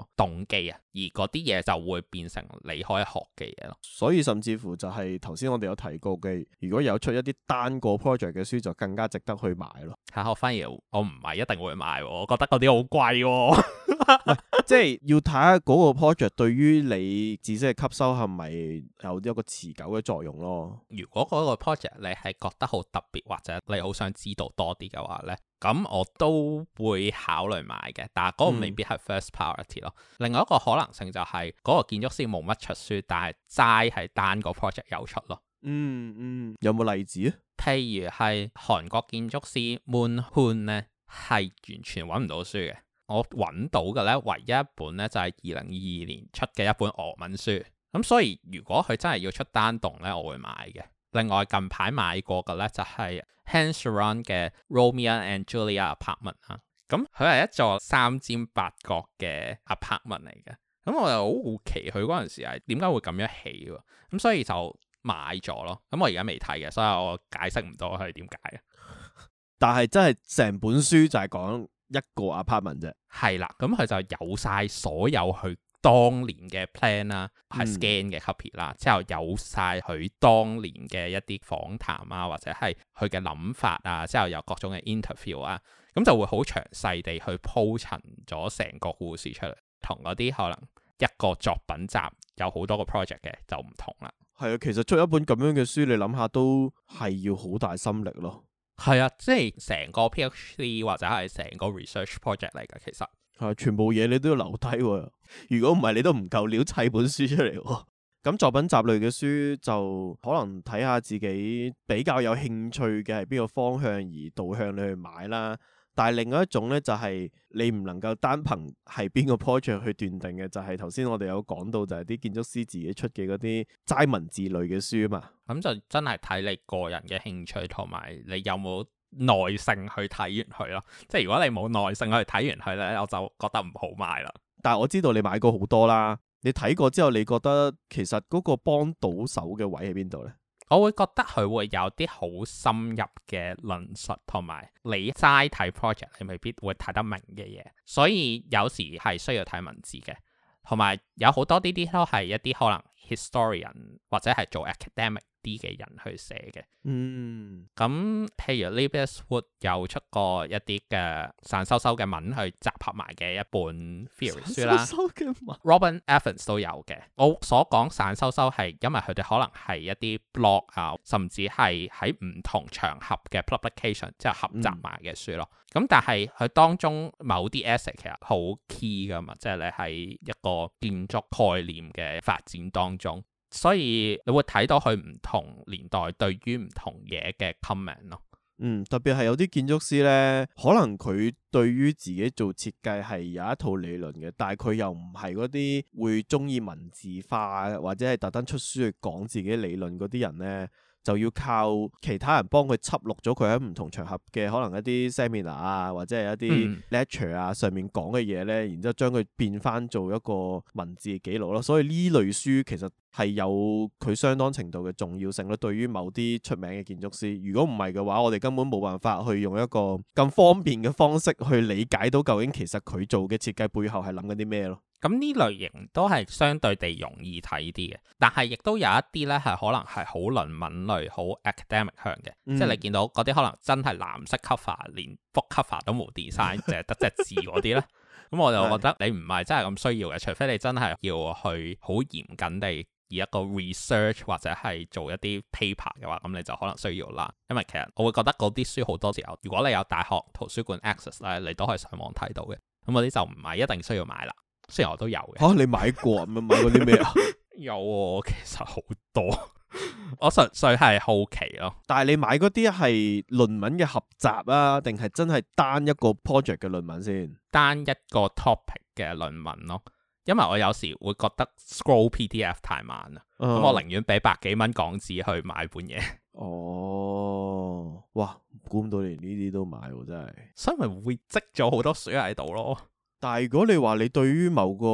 [SPEAKER 1] 個動機啊，而嗰啲嘢就會變成你可以學嘅嘢咯。
[SPEAKER 2] 所以甚至乎就係頭先我哋有提過嘅，如果有出一啲單個 project 嘅書，就更加值得去買
[SPEAKER 1] 咯。嚇、啊！我反而我唔係一定會買，我覺得嗰啲好貴喎。即 係、就係、
[SPEAKER 2] 要睇下嗰個 project 對於你自身嘅吸收係咪有一個持久嘅作用咯。
[SPEAKER 1] 如果嗰個 project 你係覺得好特別或者你好想知道多啲嘅話，咁我都會考慮買嘅，但係嗰個未必係 first priority 咯。嗯、另外一個可能性就係、係、嗰、嗰個建築師冇乜出書，但係齋係單個 project 有出咯。嗯嗯，有冇例子啊？譬如係韓國建築師 Moon Hoon 咧，係完全揾唔到書嘅。我揾到嘅咧，唯一一本咧就係二零二二年出嘅一本俄文書。咁所以如果佢真係要出單棟咧，我會買嘅。另外近排買過嘅咧就係 Hans Scharoun 嘅 Romeo and Julia Apartment 啊，咁佢係一座三尖八角嘅 apartment 嚟嘅，咁我又好好奇佢嗰陣時係點解會咁樣起喎，咁所以就買咗咯。咁我而家未睇嘅，所以我解釋唔到佢係點解。
[SPEAKER 2] 但係真係成本書
[SPEAKER 1] 就係講一個 apartment ne 啫，係啦，咁佢就有晒所有去，當年嘅 plan 啦，係 scan 嘅 copy 啦，之後有晒佢當年嘅一啲訪談啊，或者係佢嘅諗法啊，之後有各種嘅 interview 啊，咁就會好詳細地去鋪陳咗成個故事出嚟，同嗰啲可能一個作品集有好多個 project 嘅就唔同啦。
[SPEAKER 2] 係啊，其實出一本咁樣嘅書，你諗下都係要好大心力咯。
[SPEAKER 1] 係啊，即係成個 PhD 或者係成個 research project 嚟㗎，其實。
[SPEAKER 2] 係全部嘢你都要留低，如果唔係你都唔夠料砌本書出嚟。咁 作品集類嘅書就可能睇下自己比較有興趣嘅係邊個方向而導向你去買啦。但係另外一種呢，就係、是、你唔能夠單憑係邊個 project 去斷定嘅，就係頭先我哋有講到就係啲建築師自己出嘅嗰啲齋文字類嘅書嘛。
[SPEAKER 1] 咁就真係睇你個人嘅興趣同埋你有冇。耐性去睇完佢咯，即係如果你冇耐性去睇完佢呢，我就覺得唔好買啦。
[SPEAKER 2] 但係我知道你買過好多啦，你睇過之後，你覺得其實嗰個幫到手嘅位喺邊度呢？
[SPEAKER 1] 我會覺得佢會有啲好深入嘅論述，同埋你齋睇 project，你未必會睇得明嘅嘢，所以有時係需要睇文字嘅，同埋有好多呢啲都係一啲可能 historian 或者係做 academic。啲嘅人去寫嘅，嗯，咁譬如 Lebbeus Woods 有出過一啲嘅、呃、散收收嘅文去集合埋嘅一本 theory 書啦，Robin Evans 都有嘅。我所講散收收係因為佢哋可能係一啲 blog 啊，甚至係喺唔同場合嘅 publication 即係合集埋嘅書咯。咁、嗯、但係佢當中某啲 essay 其實好 key 㗎嘛，即、就、係、是、你喺一個建築概念嘅發展當中。所以你會睇到佢唔同年代對於唔同嘢嘅 comment 咯。
[SPEAKER 2] 嗯，特別係有啲建築師咧，可能佢對於自己做設計係有一套理論嘅，但係佢又唔係嗰啲會中意文字化或者係特登出書去講自己理論嗰啲人咧，就要靠其他人幫佢輯錄咗佢喺唔同場合嘅可能一啲 seminar 啊或者係一啲 lecture 啊上面講嘅嘢咧，嗯、然之後將佢變翻做一個文字記錄咯。所以呢類書其實係有佢相當程度嘅重要性咯，對於某啲出名嘅建築師，如果唔係嘅話，我哋根本冇辦法去用一個咁方便嘅方式去理解到究竟其實佢做嘅設計背後係諗緊啲咩咯。
[SPEAKER 1] 咁呢、嗯、類型都係相對地容易睇啲嘅，但係亦都有一啲咧係可能係好論文類、好 academic 向嘅，嗯、即係你見到嗰啲可能真係藍色 cover、連覆 cover 都冇 design，淨係得 隻字嗰啲咧。咁 我就覺得你唔係真係咁需要嘅，除非你真係要去好嚴謹地。而一個 research 或者係做一啲 paper 嘅話，咁你就可能需要啦。因為其實我會覺得嗰啲書好多時候，如果你有大學圖書館 access 咧，你都可以上網睇到嘅。咁嗰啲就唔係一定需要買啦。雖然我都有嘅。吓、啊，你買
[SPEAKER 2] 過？咁啊，買過啲咩啊？
[SPEAKER 1] 有啊，其實好多。 我純粹係
[SPEAKER 2] 好奇咯。但係你買嗰啲係論文嘅合集啊，定係真係單一
[SPEAKER 1] 個 project 嘅論文先？單一個 topic 嘅論文咯。因為我有時會覺得 scroll PDF 太慢啦，咁、哦、我寧願俾百幾蚊港紙去買本嘢。
[SPEAKER 2] 哦，哇，估唔到你呢啲都買喎，真係，所以咪
[SPEAKER 1] 會積咗好多水喺度咯。
[SPEAKER 2] 但係如果你話你對於某個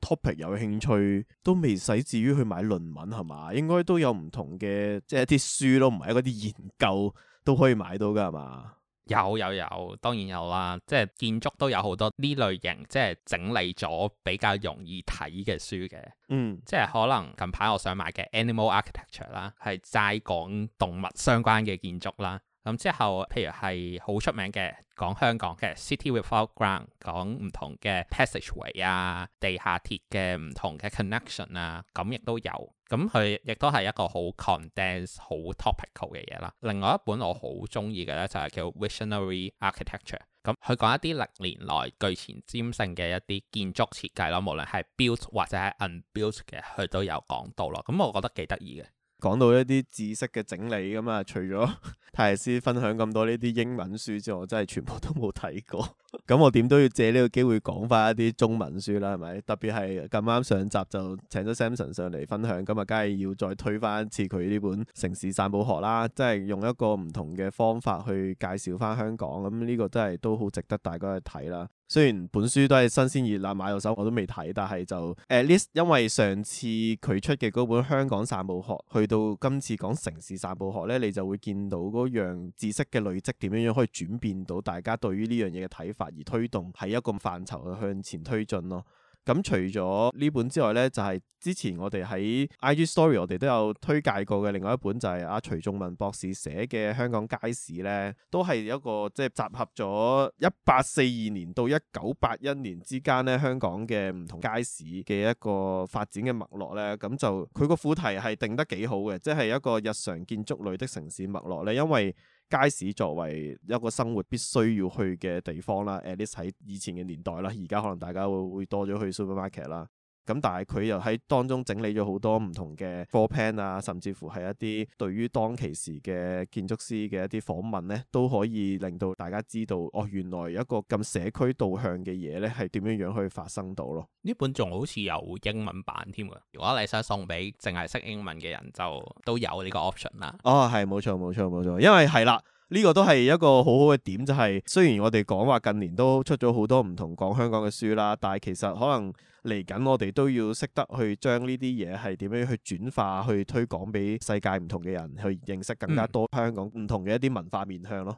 [SPEAKER 2] topic 有興趣，都未使至於去買論文係嘛？應該都有唔同嘅，即係一啲書咯，唔係一啲研究都可以買到㗎係嘛？
[SPEAKER 1] 有有有，當然有啦，即係建築都有好多呢類型，即係整理咗比較容易睇嘅書嘅，嗯，即係可能近排我想買嘅 Animal Architecture 啦，係齋講動物相關嘅建築啦。咁之後，譬如係好出名嘅講香港嘅 City Without Ground 講唔同嘅 passageway 啊、地下鐵嘅唔同嘅 connection 啊，咁亦都有。咁佢亦都係一個好 condensed 好 topical 嘅嘢啦。另外一本我好中意嘅咧，就係、是、叫 Visionary Architecture、嗯。咁佢講一啲歷年來具前瞻性嘅一啲建築設計咯，無論係 built 或者係 unbuilt 嘅，佢都有講到咯。咁、嗯、我覺得幾得意嘅。
[SPEAKER 2] 講到一啲知識嘅整理咁啊，除咗泰斯分享咁多呢啲英文書之外，我真係全部都冇睇過。咁 我點都要借呢個機會講翻一啲中文書啦，係咪？特別係咁啱上集就請咗 Samson 上嚟分享，今日梗係要再推翻一次佢呢本《城市散步學》啦，即係用一個唔同嘅方法去介紹翻香港，咁呢個真係都好值得大家去睇啦。雖然本書都係新鮮熱辣，買到手我都未睇，但係就 at least，因為上次佢出嘅嗰本《香港散步學》，去到今次講《城市散步學》咧，你就會見到嗰樣知識嘅累積點樣樣可以轉變到大家對於呢樣嘢嘅睇法。法而推動係一個範疇嘅向前推進咯。咁除咗呢本之外呢，就係、是、之前我哋喺 IG Story 我哋都有推介過嘅另外一本、就是，就係阿徐仲文博士寫嘅《香港街市》，呢都係一個即係、就是、集合咗一八四二年到一九八一年之間呢，香港嘅唔同街市嘅一個發展嘅脈絡呢，咁就佢個副題係定得幾好嘅，即、就、係、是、一個日常建築類的城市脈絡呢因為。街市作為一個生活必須要去嘅地方啦，at least 喺以前嘅年代啦，而家可能大家會會多咗去 supermarket 啦。咁但係佢又喺當中整理咗好多唔同嘅 floor plan 啊，甚至乎係一啲對於當其時嘅建築師嘅一啲訪問咧，都可以令到大家知道哦，原來一個咁社區導向嘅嘢咧，係點樣樣可以發生到咯。
[SPEAKER 1] 呢本仲好似有英文版添嘅，如果你想送俾淨係識英文嘅人，就都有呢個 option 啦。
[SPEAKER 2] 哦，係冇錯冇錯冇錯，因為係啦。呢個都係一個好好嘅點，就係、是、雖然我哋講話近年都出咗好多唔同講香港嘅書啦，但係其實可能嚟緊我哋都要識得去將呢啲嘢係點樣去轉化，去推廣俾世界唔同嘅人去認識更加多香港唔同嘅一啲文化面向咯。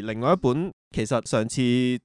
[SPEAKER 2] 而另外一本，其實上次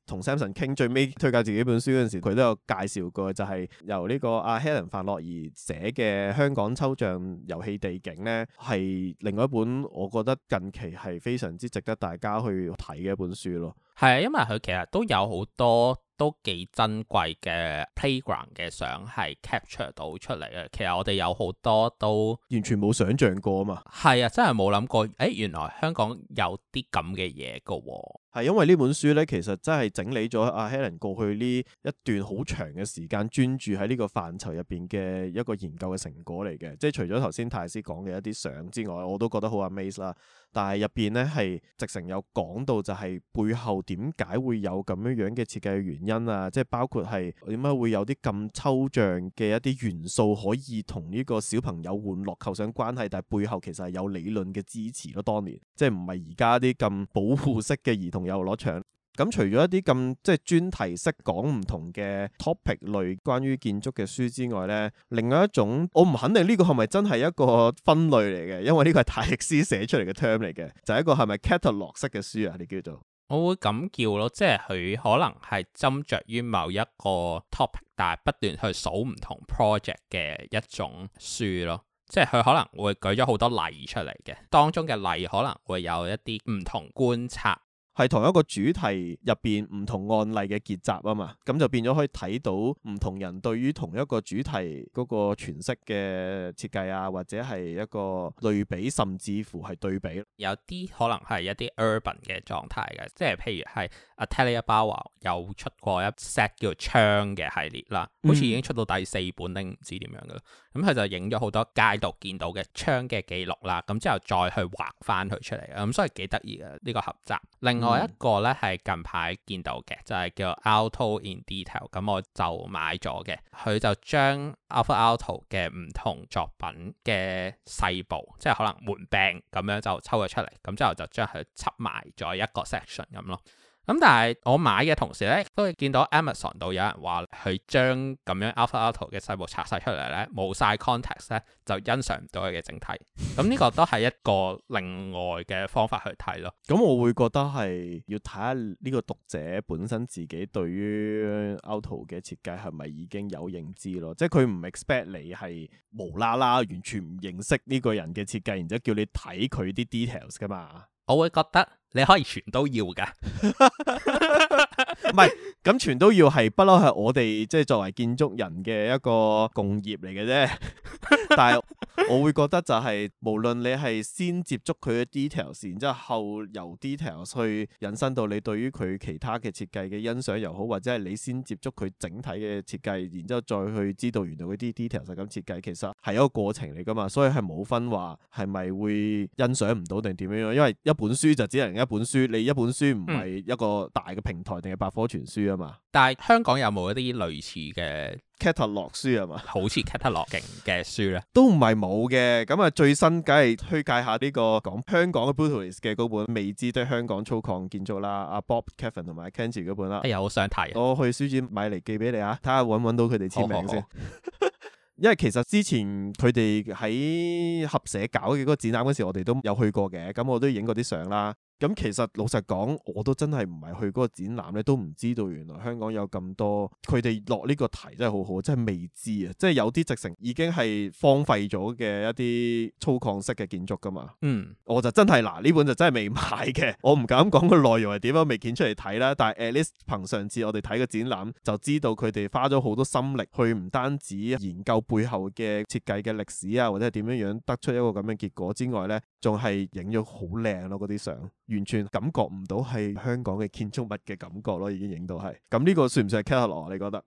[SPEAKER 2] 同 Samson 傾最尾推介自己本書嗰陣時，佢都有介紹過，就係由呢個阿 Helen 范樂兒寫嘅《香港抽象遊戲地景》呢，係另外一本
[SPEAKER 1] 我覺得近期係非常之值得大家去睇嘅一本書咯。係啊，因為佢其實都有好多。都幾珍貴嘅 playground 嘅相係 capture 到出嚟嘅，其實我哋有好多都
[SPEAKER 2] 完全冇想象過啊嘛，
[SPEAKER 1] 係啊，真係冇諗過，誒，原來香港有啲咁嘅嘢嘅喎。
[SPEAKER 2] 係因為呢本書咧，其實真係整理咗阿、啊、Helen 過去呢一段好長嘅時間專注喺呢個範疇入邊嘅一個研究嘅成果嚟嘅。即係除咗頭先太師講嘅一啲相之外，我都覺得好 amaze 啦。但係入邊咧係直情有講到，就係背後點解會有咁樣樣嘅設計嘅原因啊？即係包括係點解會有啲咁抽象嘅一啲元素可以同呢個小朋友玩樂扣上關係，但係背後其實係有理論嘅支持咯、啊。當年即係唔係而家啲咁保護式嘅兒童。同遊樂場咁，除咗一啲咁即係專題式講唔同嘅 topic 類關於建築嘅書之外咧，另外一種我唔肯定呢個係咪真係一個分類嚟嘅，因為呢個係泰勒斯寫出嚟嘅 term 嚟嘅，就係、是、一個係咪 catalog 式嘅書啊？你叫做
[SPEAKER 1] 我會咁叫咯，即係佢可能係斟酌於某一個 topic，但係不斷去數唔同 project 嘅一種書咯。即係佢可能會舉咗好多例出嚟嘅，當中嘅例可能會有一啲唔同觀察。係同
[SPEAKER 2] 一個主題入邊唔同案例嘅結集啊嘛，咁就變咗可以睇到唔同人對於同一個主題嗰個詮釋嘅設計啊，或者係一個類比，甚至乎係對比。
[SPEAKER 1] 有啲可能係一啲 urban 嘅狀態嘅，即係譬如係 Atelier Bauer 有出過一 set 叫做窗嘅系列啦，嗯、好似已經出到第四本定唔知點樣嘅，咁佢就影咗好多街道見到嘅窗嘅記錄啦，咁之後再去畫翻佢出嚟啊，咁所以幾得意嘅呢個合集。另另一個咧係近排見到嘅，就係、是、叫 Aalto in Detail，咁我就買咗嘅。佢就將 Alvar Aalto 嘅唔同作品嘅細部，即係可能門柄咁樣就抽咗出嚟，咁之後就將佢插埋咗一個 section 咁咯。咁但係我買嘅同時咧，都會見到 Amazon 度有人話佢將咁樣 Alvar Aalto 嘅細部拆晒出嚟咧，冇晒 context 咧，就欣賞唔到佢嘅整體。咁呢 個都係一個另外嘅方法去睇咯。
[SPEAKER 2] 咁我會覺得係要睇下呢個讀者本身自己對於 Aalto 嘅設計係咪已經有認知咯，即係佢唔 expect 你係無啦啦完全唔認識呢個人嘅設計，然之後叫你睇佢啲 details 噶嘛？我會覺得。你可以全都要㗎， 唔係咁，全都要係不嬲係我哋即係作為建築人嘅一個共業嚟嘅啫，但係。 我會覺得就係、是、無論你係先接觸佢嘅 details，然之後由 details 去引申到你對於佢其他嘅設計嘅欣賞又好，或者係你先接觸佢整體嘅設計，然之後再去知道原來嗰啲 details 係咁設計，其實係一個過程嚟噶嘛，所以係冇分話係咪會欣賞唔到定點樣樣，因為一本書就只能一本書，你一本書唔係一個大嘅平台定係、嗯、百科全書啊嘛，
[SPEAKER 1] 但係香港有冇一啲類似嘅？catalog 書係嘛？好似 catalog 嘅書咧，
[SPEAKER 2] 都唔係冇嘅。咁啊，最新梗係推介下呢、這個講香港嘅 Brutalist 嘅嗰本未知嘅香港粗獷建築啦。阿 Bob Kevin 同埋 Kenji 嗰本啦。哎呀，我想睇、啊，我去書展買嚟寄俾你啊，睇下搵唔搵到佢哋簽名先。好好好 因為其實之前佢哋喺合社搞嗰個展覽嗰時，我哋都有去過嘅，咁我都影過啲相啦。咁其實老實講，我都真係唔係去嗰個展覽咧，都唔知道原來香港有咁多佢哋落呢個題真係好好，真係未知啊！即係有啲直情已經係荒廢咗嘅一啲粗獷式嘅建築㗎嘛。嗯，我就真係嗱呢本就真係未買嘅，我唔敢講個內容係點，我未見出嚟睇啦。但係 at least 憑上次我哋睇個展覽，就知道佢哋花咗好多心力去唔單止研究背後嘅設計嘅歷史啊，或者係點樣樣得出一個咁樣結果之外呢。仲係影咗好靚咯，嗰啲相完全感覺唔到係香港嘅建築物嘅感覺咯，已經影到係。咁呢個算唔算係 Caterer、啊、你覺得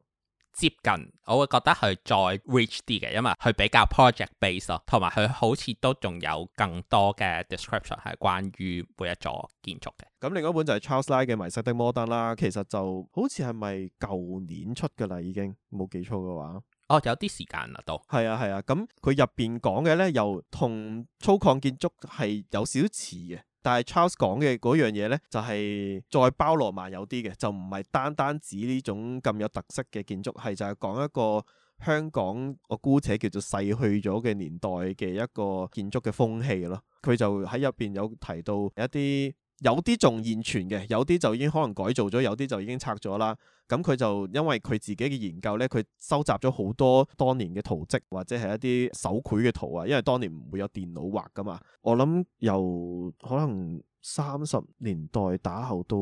[SPEAKER 1] 接近？我會覺得係再 rich 啲嘅，因為佢比較 project base 咯，同埋佢好似都仲有更多嘅 description 係關於每一座建築嘅。
[SPEAKER 2] 咁另一本就係 Charles Ly 嘅《迷失的摩登》啦，其實就好似係咪舊年出噶啦？已經冇記錯嘅話。
[SPEAKER 1] 哦，有啲時間啦，
[SPEAKER 2] 都係啊係啊，咁佢入邊講嘅呢，又同粗獷建築係有少似嘅，但係 Charles 講嘅嗰樣嘢呢，就係再包羅萬有啲嘅，就唔係單單指呢種咁有特色嘅建築，係就係講一個香港我姑且叫做逝去咗嘅年代嘅一個建築嘅風氣咯。佢就喺入邊有提到一啲。有啲仲現存嘅，有啲就已經可能改造咗，有啲就已經拆咗啦。咁佢就因為佢自己嘅研究呢，佢收集咗好多當年嘅圖蹟，或者係一啲手繪嘅圖啊。因為當年唔會有電腦畫㗎嘛。我諗由可能三十年代打後到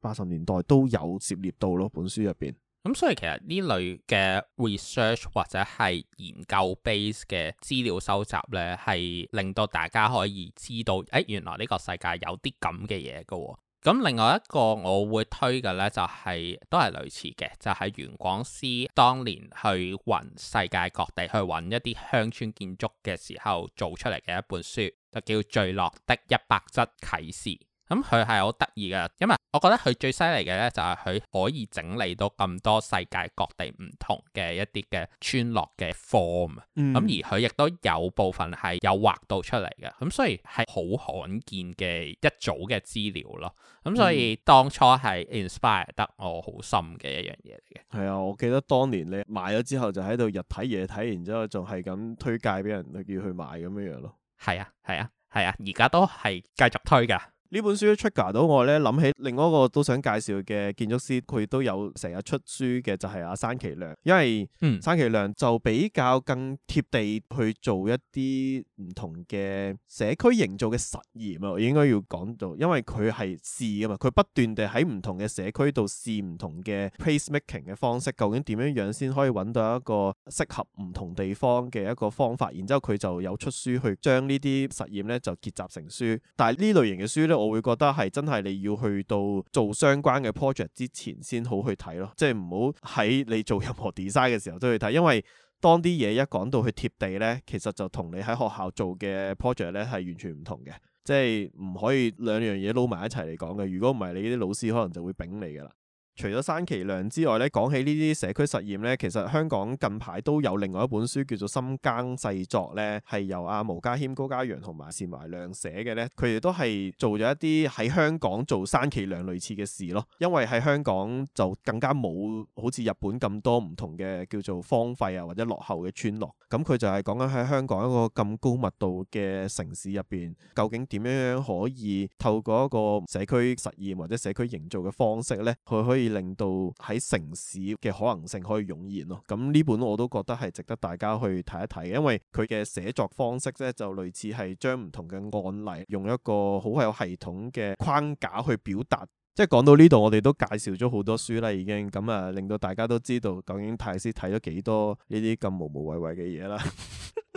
[SPEAKER 2] 八十年代都有涉獵到咯，本書入邊。
[SPEAKER 1] 咁、嗯、所以其實呢類嘅 research 或者係研究 base 嘅資料收集呢，係令到大家可以知道，誒、哎、原來呢個世界有啲咁嘅嘢嘅喎。咁另外一個我會推嘅呢，就係、是、都係類似嘅，就係、是、原廣司當年去揾世界各地去揾一啲鄉村建築嘅時候做出嚟嘅一本書，就叫《聚落的一百則啟示》。咁佢係好得意嘅，因為我覺得佢最犀利嘅咧就係佢可以整理到咁多世界各地唔同嘅一啲嘅村落嘅 form，咁、嗯、而佢亦都有部分係有畫到出嚟嘅，咁、嗯、所以係好罕見嘅一組嘅資料咯。咁、嗯嗯、所以當初係 inspire 得我好深嘅一樣嘢嚟
[SPEAKER 2] 嘅。係啊，我記得當年你買咗之後就喺度日睇夜睇，然之後仲係咁推介俾人叫去買咁樣樣咯。係啊，
[SPEAKER 1] 係啊，係啊，而家都係繼續推噶。
[SPEAKER 2] 呢本書都 trigger 到我咧，諗起另外一個都想介紹嘅建築師，佢都有成日出書嘅，就係阿山崎亮。因為山崎亮就比較更貼地去做一啲唔同嘅社區營造嘅實驗啊，我應該要講到，因為佢係試啊嘛，佢不斷地喺唔同嘅社區度試唔同嘅 place making 嘅方式，究竟點樣樣先可以揾到一個適合唔同地方嘅一個方法。然之後佢就有出書去將呢啲實驗咧就結集成書，但係呢類型嘅書咧。我會覺得係真係你要去到做相關嘅 project 之前先好去睇咯，即係唔好喺你做任何 design 嘅時候都要睇，因為當啲嘢一講到去貼地呢，其實就同你喺學校做嘅 project 呢係完全唔同嘅，即係唔可以兩樣嘢撈埋一齊嚟講嘅。如果唔係，你啲老師可能就會丙你噶啦。除咗山崎亮之外咧，講起呢啲社區實驗咧，其實香港近排都有另外一本書叫做《深耕細作》咧，係由阿、啊、毛家謙、高家陽同埋謝懷亮寫嘅咧。佢亦都係做咗一啲喺香港做山崎亮類似嘅事咯。因為喺香港就更加冇好似日本咁多唔同嘅叫做荒廢啊或者落後嘅村落。咁、嗯、佢就係講緊喺香港一個咁高密度嘅城市入邊究竟點樣可以透過一個社區實驗或者社區營造嘅方式咧，佢可以。令到喺城市嘅可能性可以湧現咯，咁呢本我都覺得係值得大家去睇一睇嘅，因為佢嘅寫作方式咧就類似係將唔同嘅案例用一個好有系統嘅框架去表達。即係講到呢度，我哋都介紹咗好多書啦，已經咁啊，令到大家都知道究竟泰斯睇咗幾多呢啲咁無無謂謂嘅嘢啦。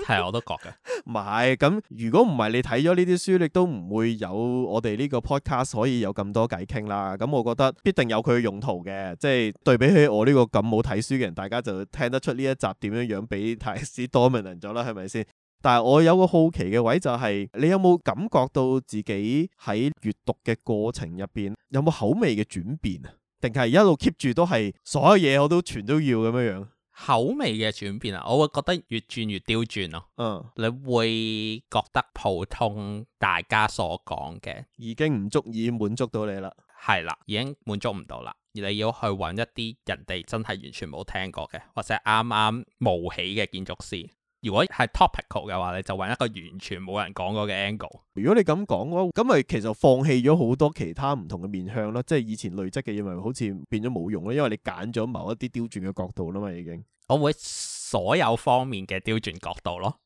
[SPEAKER 2] 係， 我都覺嘅。唔係咁，如果唔係你睇咗呢啲書，你都唔會有我哋呢個 podcast 可以有咁多偈傾啦。咁我覺得必定有佢嘅用途嘅。即係對比起我呢個咁冇睇書嘅人，大家就聽得出呢一集點樣樣俾泰斯 dominant 咗啦，係咪先？但係我有個好奇嘅位就係、是，你有冇感覺到自己喺閱讀嘅過程入邊有冇口味嘅轉變啊？定係一路 keep 住都係所有嘢我都全都要咁樣樣？
[SPEAKER 1] 口味嘅轉變啊，我會覺得越轉越刁鑽咯、啊。嗯，你會覺得普通大家所講嘅已經唔足以滿足到你啦？係啦，已經滿足唔到啦，而你要去搵一啲人哋真係完全冇聽過嘅，或者啱啱冒起嘅建築師。如果係 topical 嘅話，你就揾一個完全冇人講過嘅 angle。
[SPEAKER 2] 如果你咁講嘅話，咁咪其實放棄咗好多其他唔同嘅面向咯。即係以前累積嘅嘢，咪好似變咗冇用咯。因為你揀咗某一啲刁鑽嘅角度啦嘛，已經我會所有方
[SPEAKER 1] 面嘅刁鑽角度咯。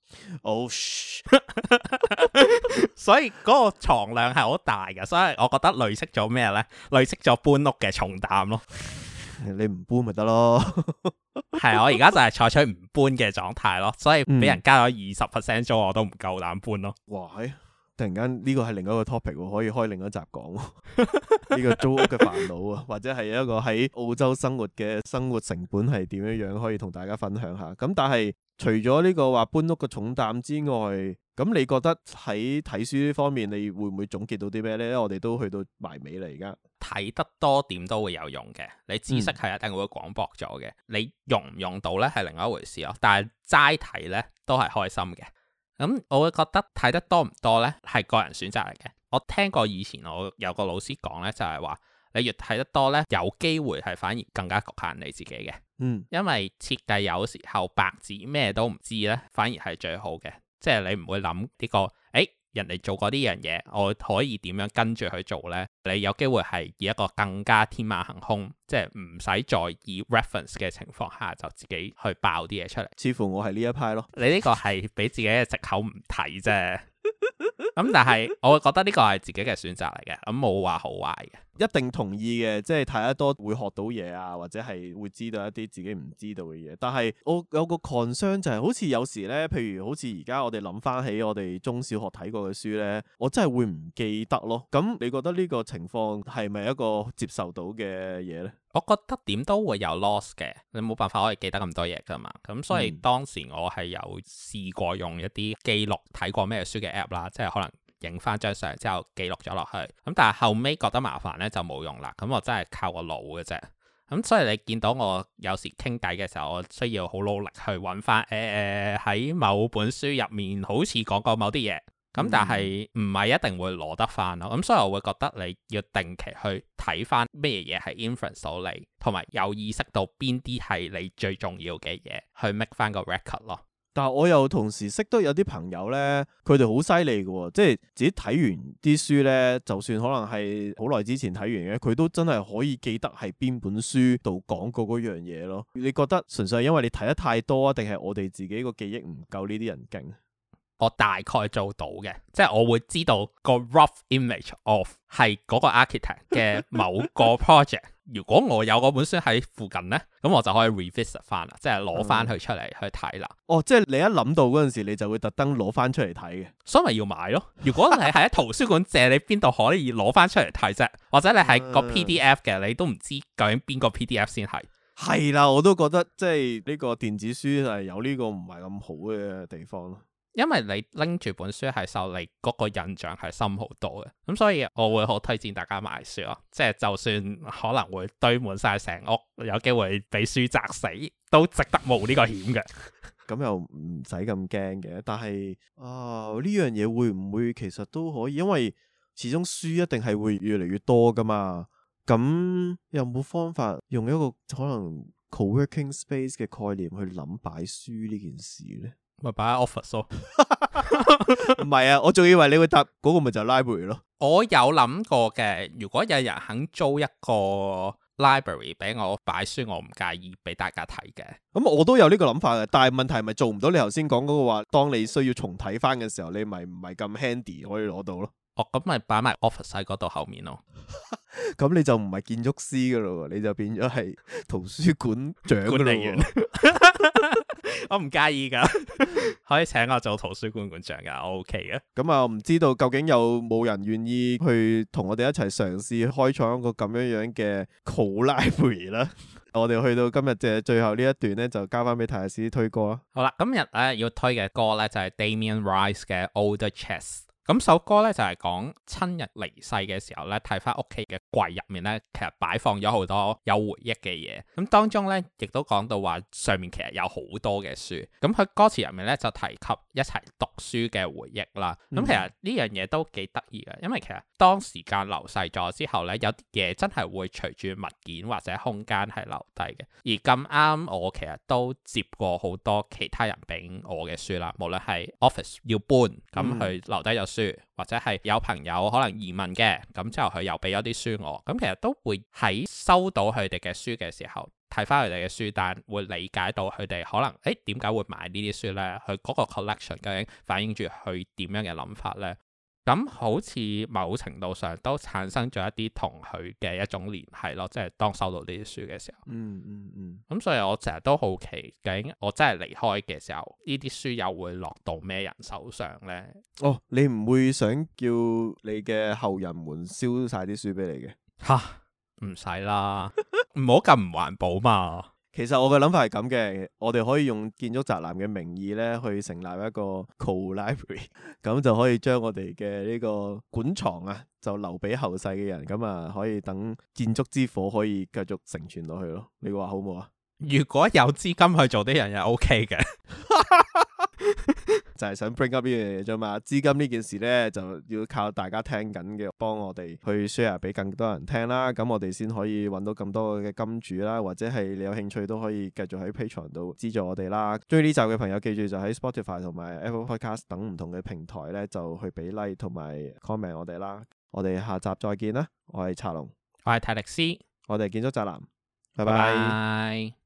[SPEAKER 1] 哦、oh，所以嗰個藏量係好大嘅，所以我覺得累積咗咩呢？累積咗搬屋嘅重擔咯。你唔
[SPEAKER 2] 搬咪得咯 ，
[SPEAKER 1] 係我而家就係採取唔搬嘅狀態咯，所以俾人加咗二十 percent 租我都唔夠膽搬咯。嗯、哇突然間，呢
[SPEAKER 2] 個係另一個 topic，可以開另一集講
[SPEAKER 1] 呢 個租屋嘅煩惱啊， 或者係一個
[SPEAKER 2] 喺澳洲生活嘅生活成本係點樣樣，可以同大家分享下。咁但係除咗呢個話搬屋嘅重擔之外，咁你覺得喺睇書方面你會唔會總結到啲咩呢？我哋都去到埋尾啦，而家
[SPEAKER 1] 睇得多點都會有用嘅。你知識係一定會廣博咗嘅。你用唔用到呢係另外一回事咯。但係齋睇呢都係開心嘅。咁我會覺得睇得多唔多呢係個人選擇嚟嘅。我聽過以前我有個老師講呢，就係話你越睇得多呢，有機會係反而更加局限你自己嘅。嗯，因為設計有時候白紙咩都唔知呢，反而係最好嘅。即係你唔會諗呢個，誒人哋做過呢樣嘢，我可以點樣跟住去做呢？你有機會係以一個更加天馬行空，即係唔使再以 reference 嘅情況下，就自己去爆啲嘢出嚟。似乎我係呢一派咯，你呢個係俾自己嘅藉口，唔睇啫。咁、 嗯、但係我會覺得呢個係自己嘅選擇嚟嘅，咁冇話好壞嘅。
[SPEAKER 2] 一定同意嘅，即係睇得多會學到嘢啊，或者係會知道一啲自己唔知道嘅嘢。但係我有個 concern 就係，好似有時咧，譬如好似而家我哋諗翻起我哋中小學睇過嘅書咧，我真係會
[SPEAKER 1] 唔記得咯。咁你覺得呢個情況係咪一個接受到嘅嘢咧？我覺得點都會有 loss 嘅，你冇辦法可以記得咁多嘢噶嘛。咁所以當時我係有試過用一啲記錄睇過咩書嘅 app 啦，即係可能。影翻張相之後記錄咗落去，咁但係後尾覺得麻煩呢就冇用啦，咁我真係靠個腦嘅啫，咁所以你見到我有時傾偈嘅時候，我需要好努力去揾翻誒誒喺某本書入面好似講過某啲嘢，咁但係唔係一定會攞得翻咯，咁、嗯、所以我會覺得你要定期去睇翻咩嘢係 influence 到你，同埋有意識到邊啲係你最重要嘅嘢去 make 翻個 record 咯。
[SPEAKER 2] 但係我又同時識得有啲朋友咧，佢哋好犀利嘅，即係自己睇完啲書咧，就算可能係好耐之前睇完嘅，佢都真係可以記得係邊本書度講過嗰樣嘢咯。你覺得純粹係因為你睇得太多啊，定係我哋自己
[SPEAKER 1] 個記憶唔夠呢啲人勁？我大概做到嘅，即係我會知道個 rough image of 係嗰個 architect 嘅某個 project。 如果我有嗰本書喺附近呢，咁我就可以 revisit 翻啦，即係攞翻佢出嚟去睇啦，嗯。
[SPEAKER 2] 哦，即係你一諗到嗰陣時，你就會特登攞翻出嚟睇嘅，所以咪
[SPEAKER 1] 要買咯。如果你係喺圖書館借，你邊度可以攞翻出嚟睇啫？或者你係個 PDF 嘅，你都唔知究竟邊個 PDF 先係。係啦，
[SPEAKER 2] 我都覺得即
[SPEAKER 1] 係呢個電子書係有呢個唔係咁好嘅地方咯。因為你拎住本書係受你嗰個印象係深好多嘅，咁所以我會好推薦大家買書啊。即係就算可能會堆滿晒成屋，有機會俾書砸死，都值得冒呢個險嘅。咁 又
[SPEAKER 2] 唔使咁驚嘅。但係啊，呢樣嘢會唔會其實都可以，因為始終書一定係會越嚟越多噶嘛。咁有冇方法用一個可能 co-working space 嘅概念去諗擺書呢件事呢？
[SPEAKER 1] 咪擺喺 office 咯，
[SPEAKER 2] 唔係 啊，我仲以為你會搭嗰、嗰個咪就係 library 咯。
[SPEAKER 1] 我有諗過嘅，如果有人肯租一個 library 俾我擺書，我唔介意俾大家睇嘅。
[SPEAKER 2] 咁、嗯、我都有呢個諗法嘅，但係問題係咪做唔到？你頭先講嗰個話，當你需要重睇翻嘅時候，你咪唔係咁 handy 可以攞到咯。哦，
[SPEAKER 1] 咁咪擺埋 office 喺嗰度後面咯。
[SPEAKER 2] 咁、 嗯、你就唔係建築師噶啦，你就變咗係圖書館長嚟嘅。管理員
[SPEAKER 1] 我唔介意噶， 可以請我做圖書館館長噶，OK 嘅。
[SPEAKER 2] 咁啊、嗯、我、嗯、唔知道究竟有冇人願意去同我哋一齊嘗試開創一個咁樣樣嘅 co-library 啦。 我哋去到今日嘅最後呢一段咧，就交翻俾泰斯推歌啦。
[SPEAKER 1] 好啦，今日咧要推嘅歌咧就係、是、Damien Rice 嘅 Older Chests。Old er Ch 咁首歌咧就係講親人離世嘅時候咧，睇翻屋企嘅櫃入面咧，其實擺放咗好多有回憶嘅嘢。咁當中咧，亦都講到話上面其實有好多嘅書。咁佢歌詞入面咧就提及一齊讀書嘅回憶啦。咁其實呢樣嘢都幾得意嘅，因為其實當時間流逝咗之後咧，有啲嘢真係會隨住物件或者空間係留低嘅。而咁啱我其實都接過好多其他人俾我嘅書啦，無論係 office 要搬，咁佢留低有書或者係有朋友可能移民嘅，咁之後佢又俾咗啲書我，咁其實都會喺收到佢哋嘅書嘅時候睇翻佢哋嘅書單，但會理解到佢哋可能誒點解會買呢啲書呢？佢嗰個 collection 究竟反映住佢點樣嘅諗法呢？咁好似某程度上都產生咗一啲同佢嘅一種聯繫咯，即係當收到呢啲書嘅時候。嗯嗯嗯。咁、嗯嗯、所以我成日都好奇，究竟我真係離開嘅時候，呢啲書又會落到咩人手上咧？
[SPEAKER 2] 哦，你唔會想叫你嘅後人們燒晒啲書俾你嘅？吓，唔使啦，唔好咁唔環保嘛。其實我嘅諗法係咁嘅，我哋可以用建築宅男嘅名義咧，去成立一個 Call Library，咁就可以將我哋嘅呢個館藏啊，就留俾後世嘅人，咁啊可以等建築之火可以繼續承傳落去咯。你話好冇啊？
[SPEAKER 1] 如果有資金去做啲人又 OK 嘅。
[SPEAKER 2] 就係想 bring up 呢樣嘢啫嘛，資金呢件事咧就要靠大家聽緊嘅，幫我哋去 share 俾更多人聽啦，咁我哋先可以揾到咁多嘅金主啦，或者係你有興趣都可以繼續喺 Patreon 度資助我哋啦。鍾意呢集嘅朋友記住就喺 Spotify 同埋 Apple Podcast 等唔同嘅平台咧就去俾 like 同埋 comment 我哋啦，我哋下集再見啦，我係查龍，
[SPEAKER 1] 我係泰力斯，
[SPEAKER 2] 我哋建築宅男，拜拜。Bye
[SPEAKER 1] bye。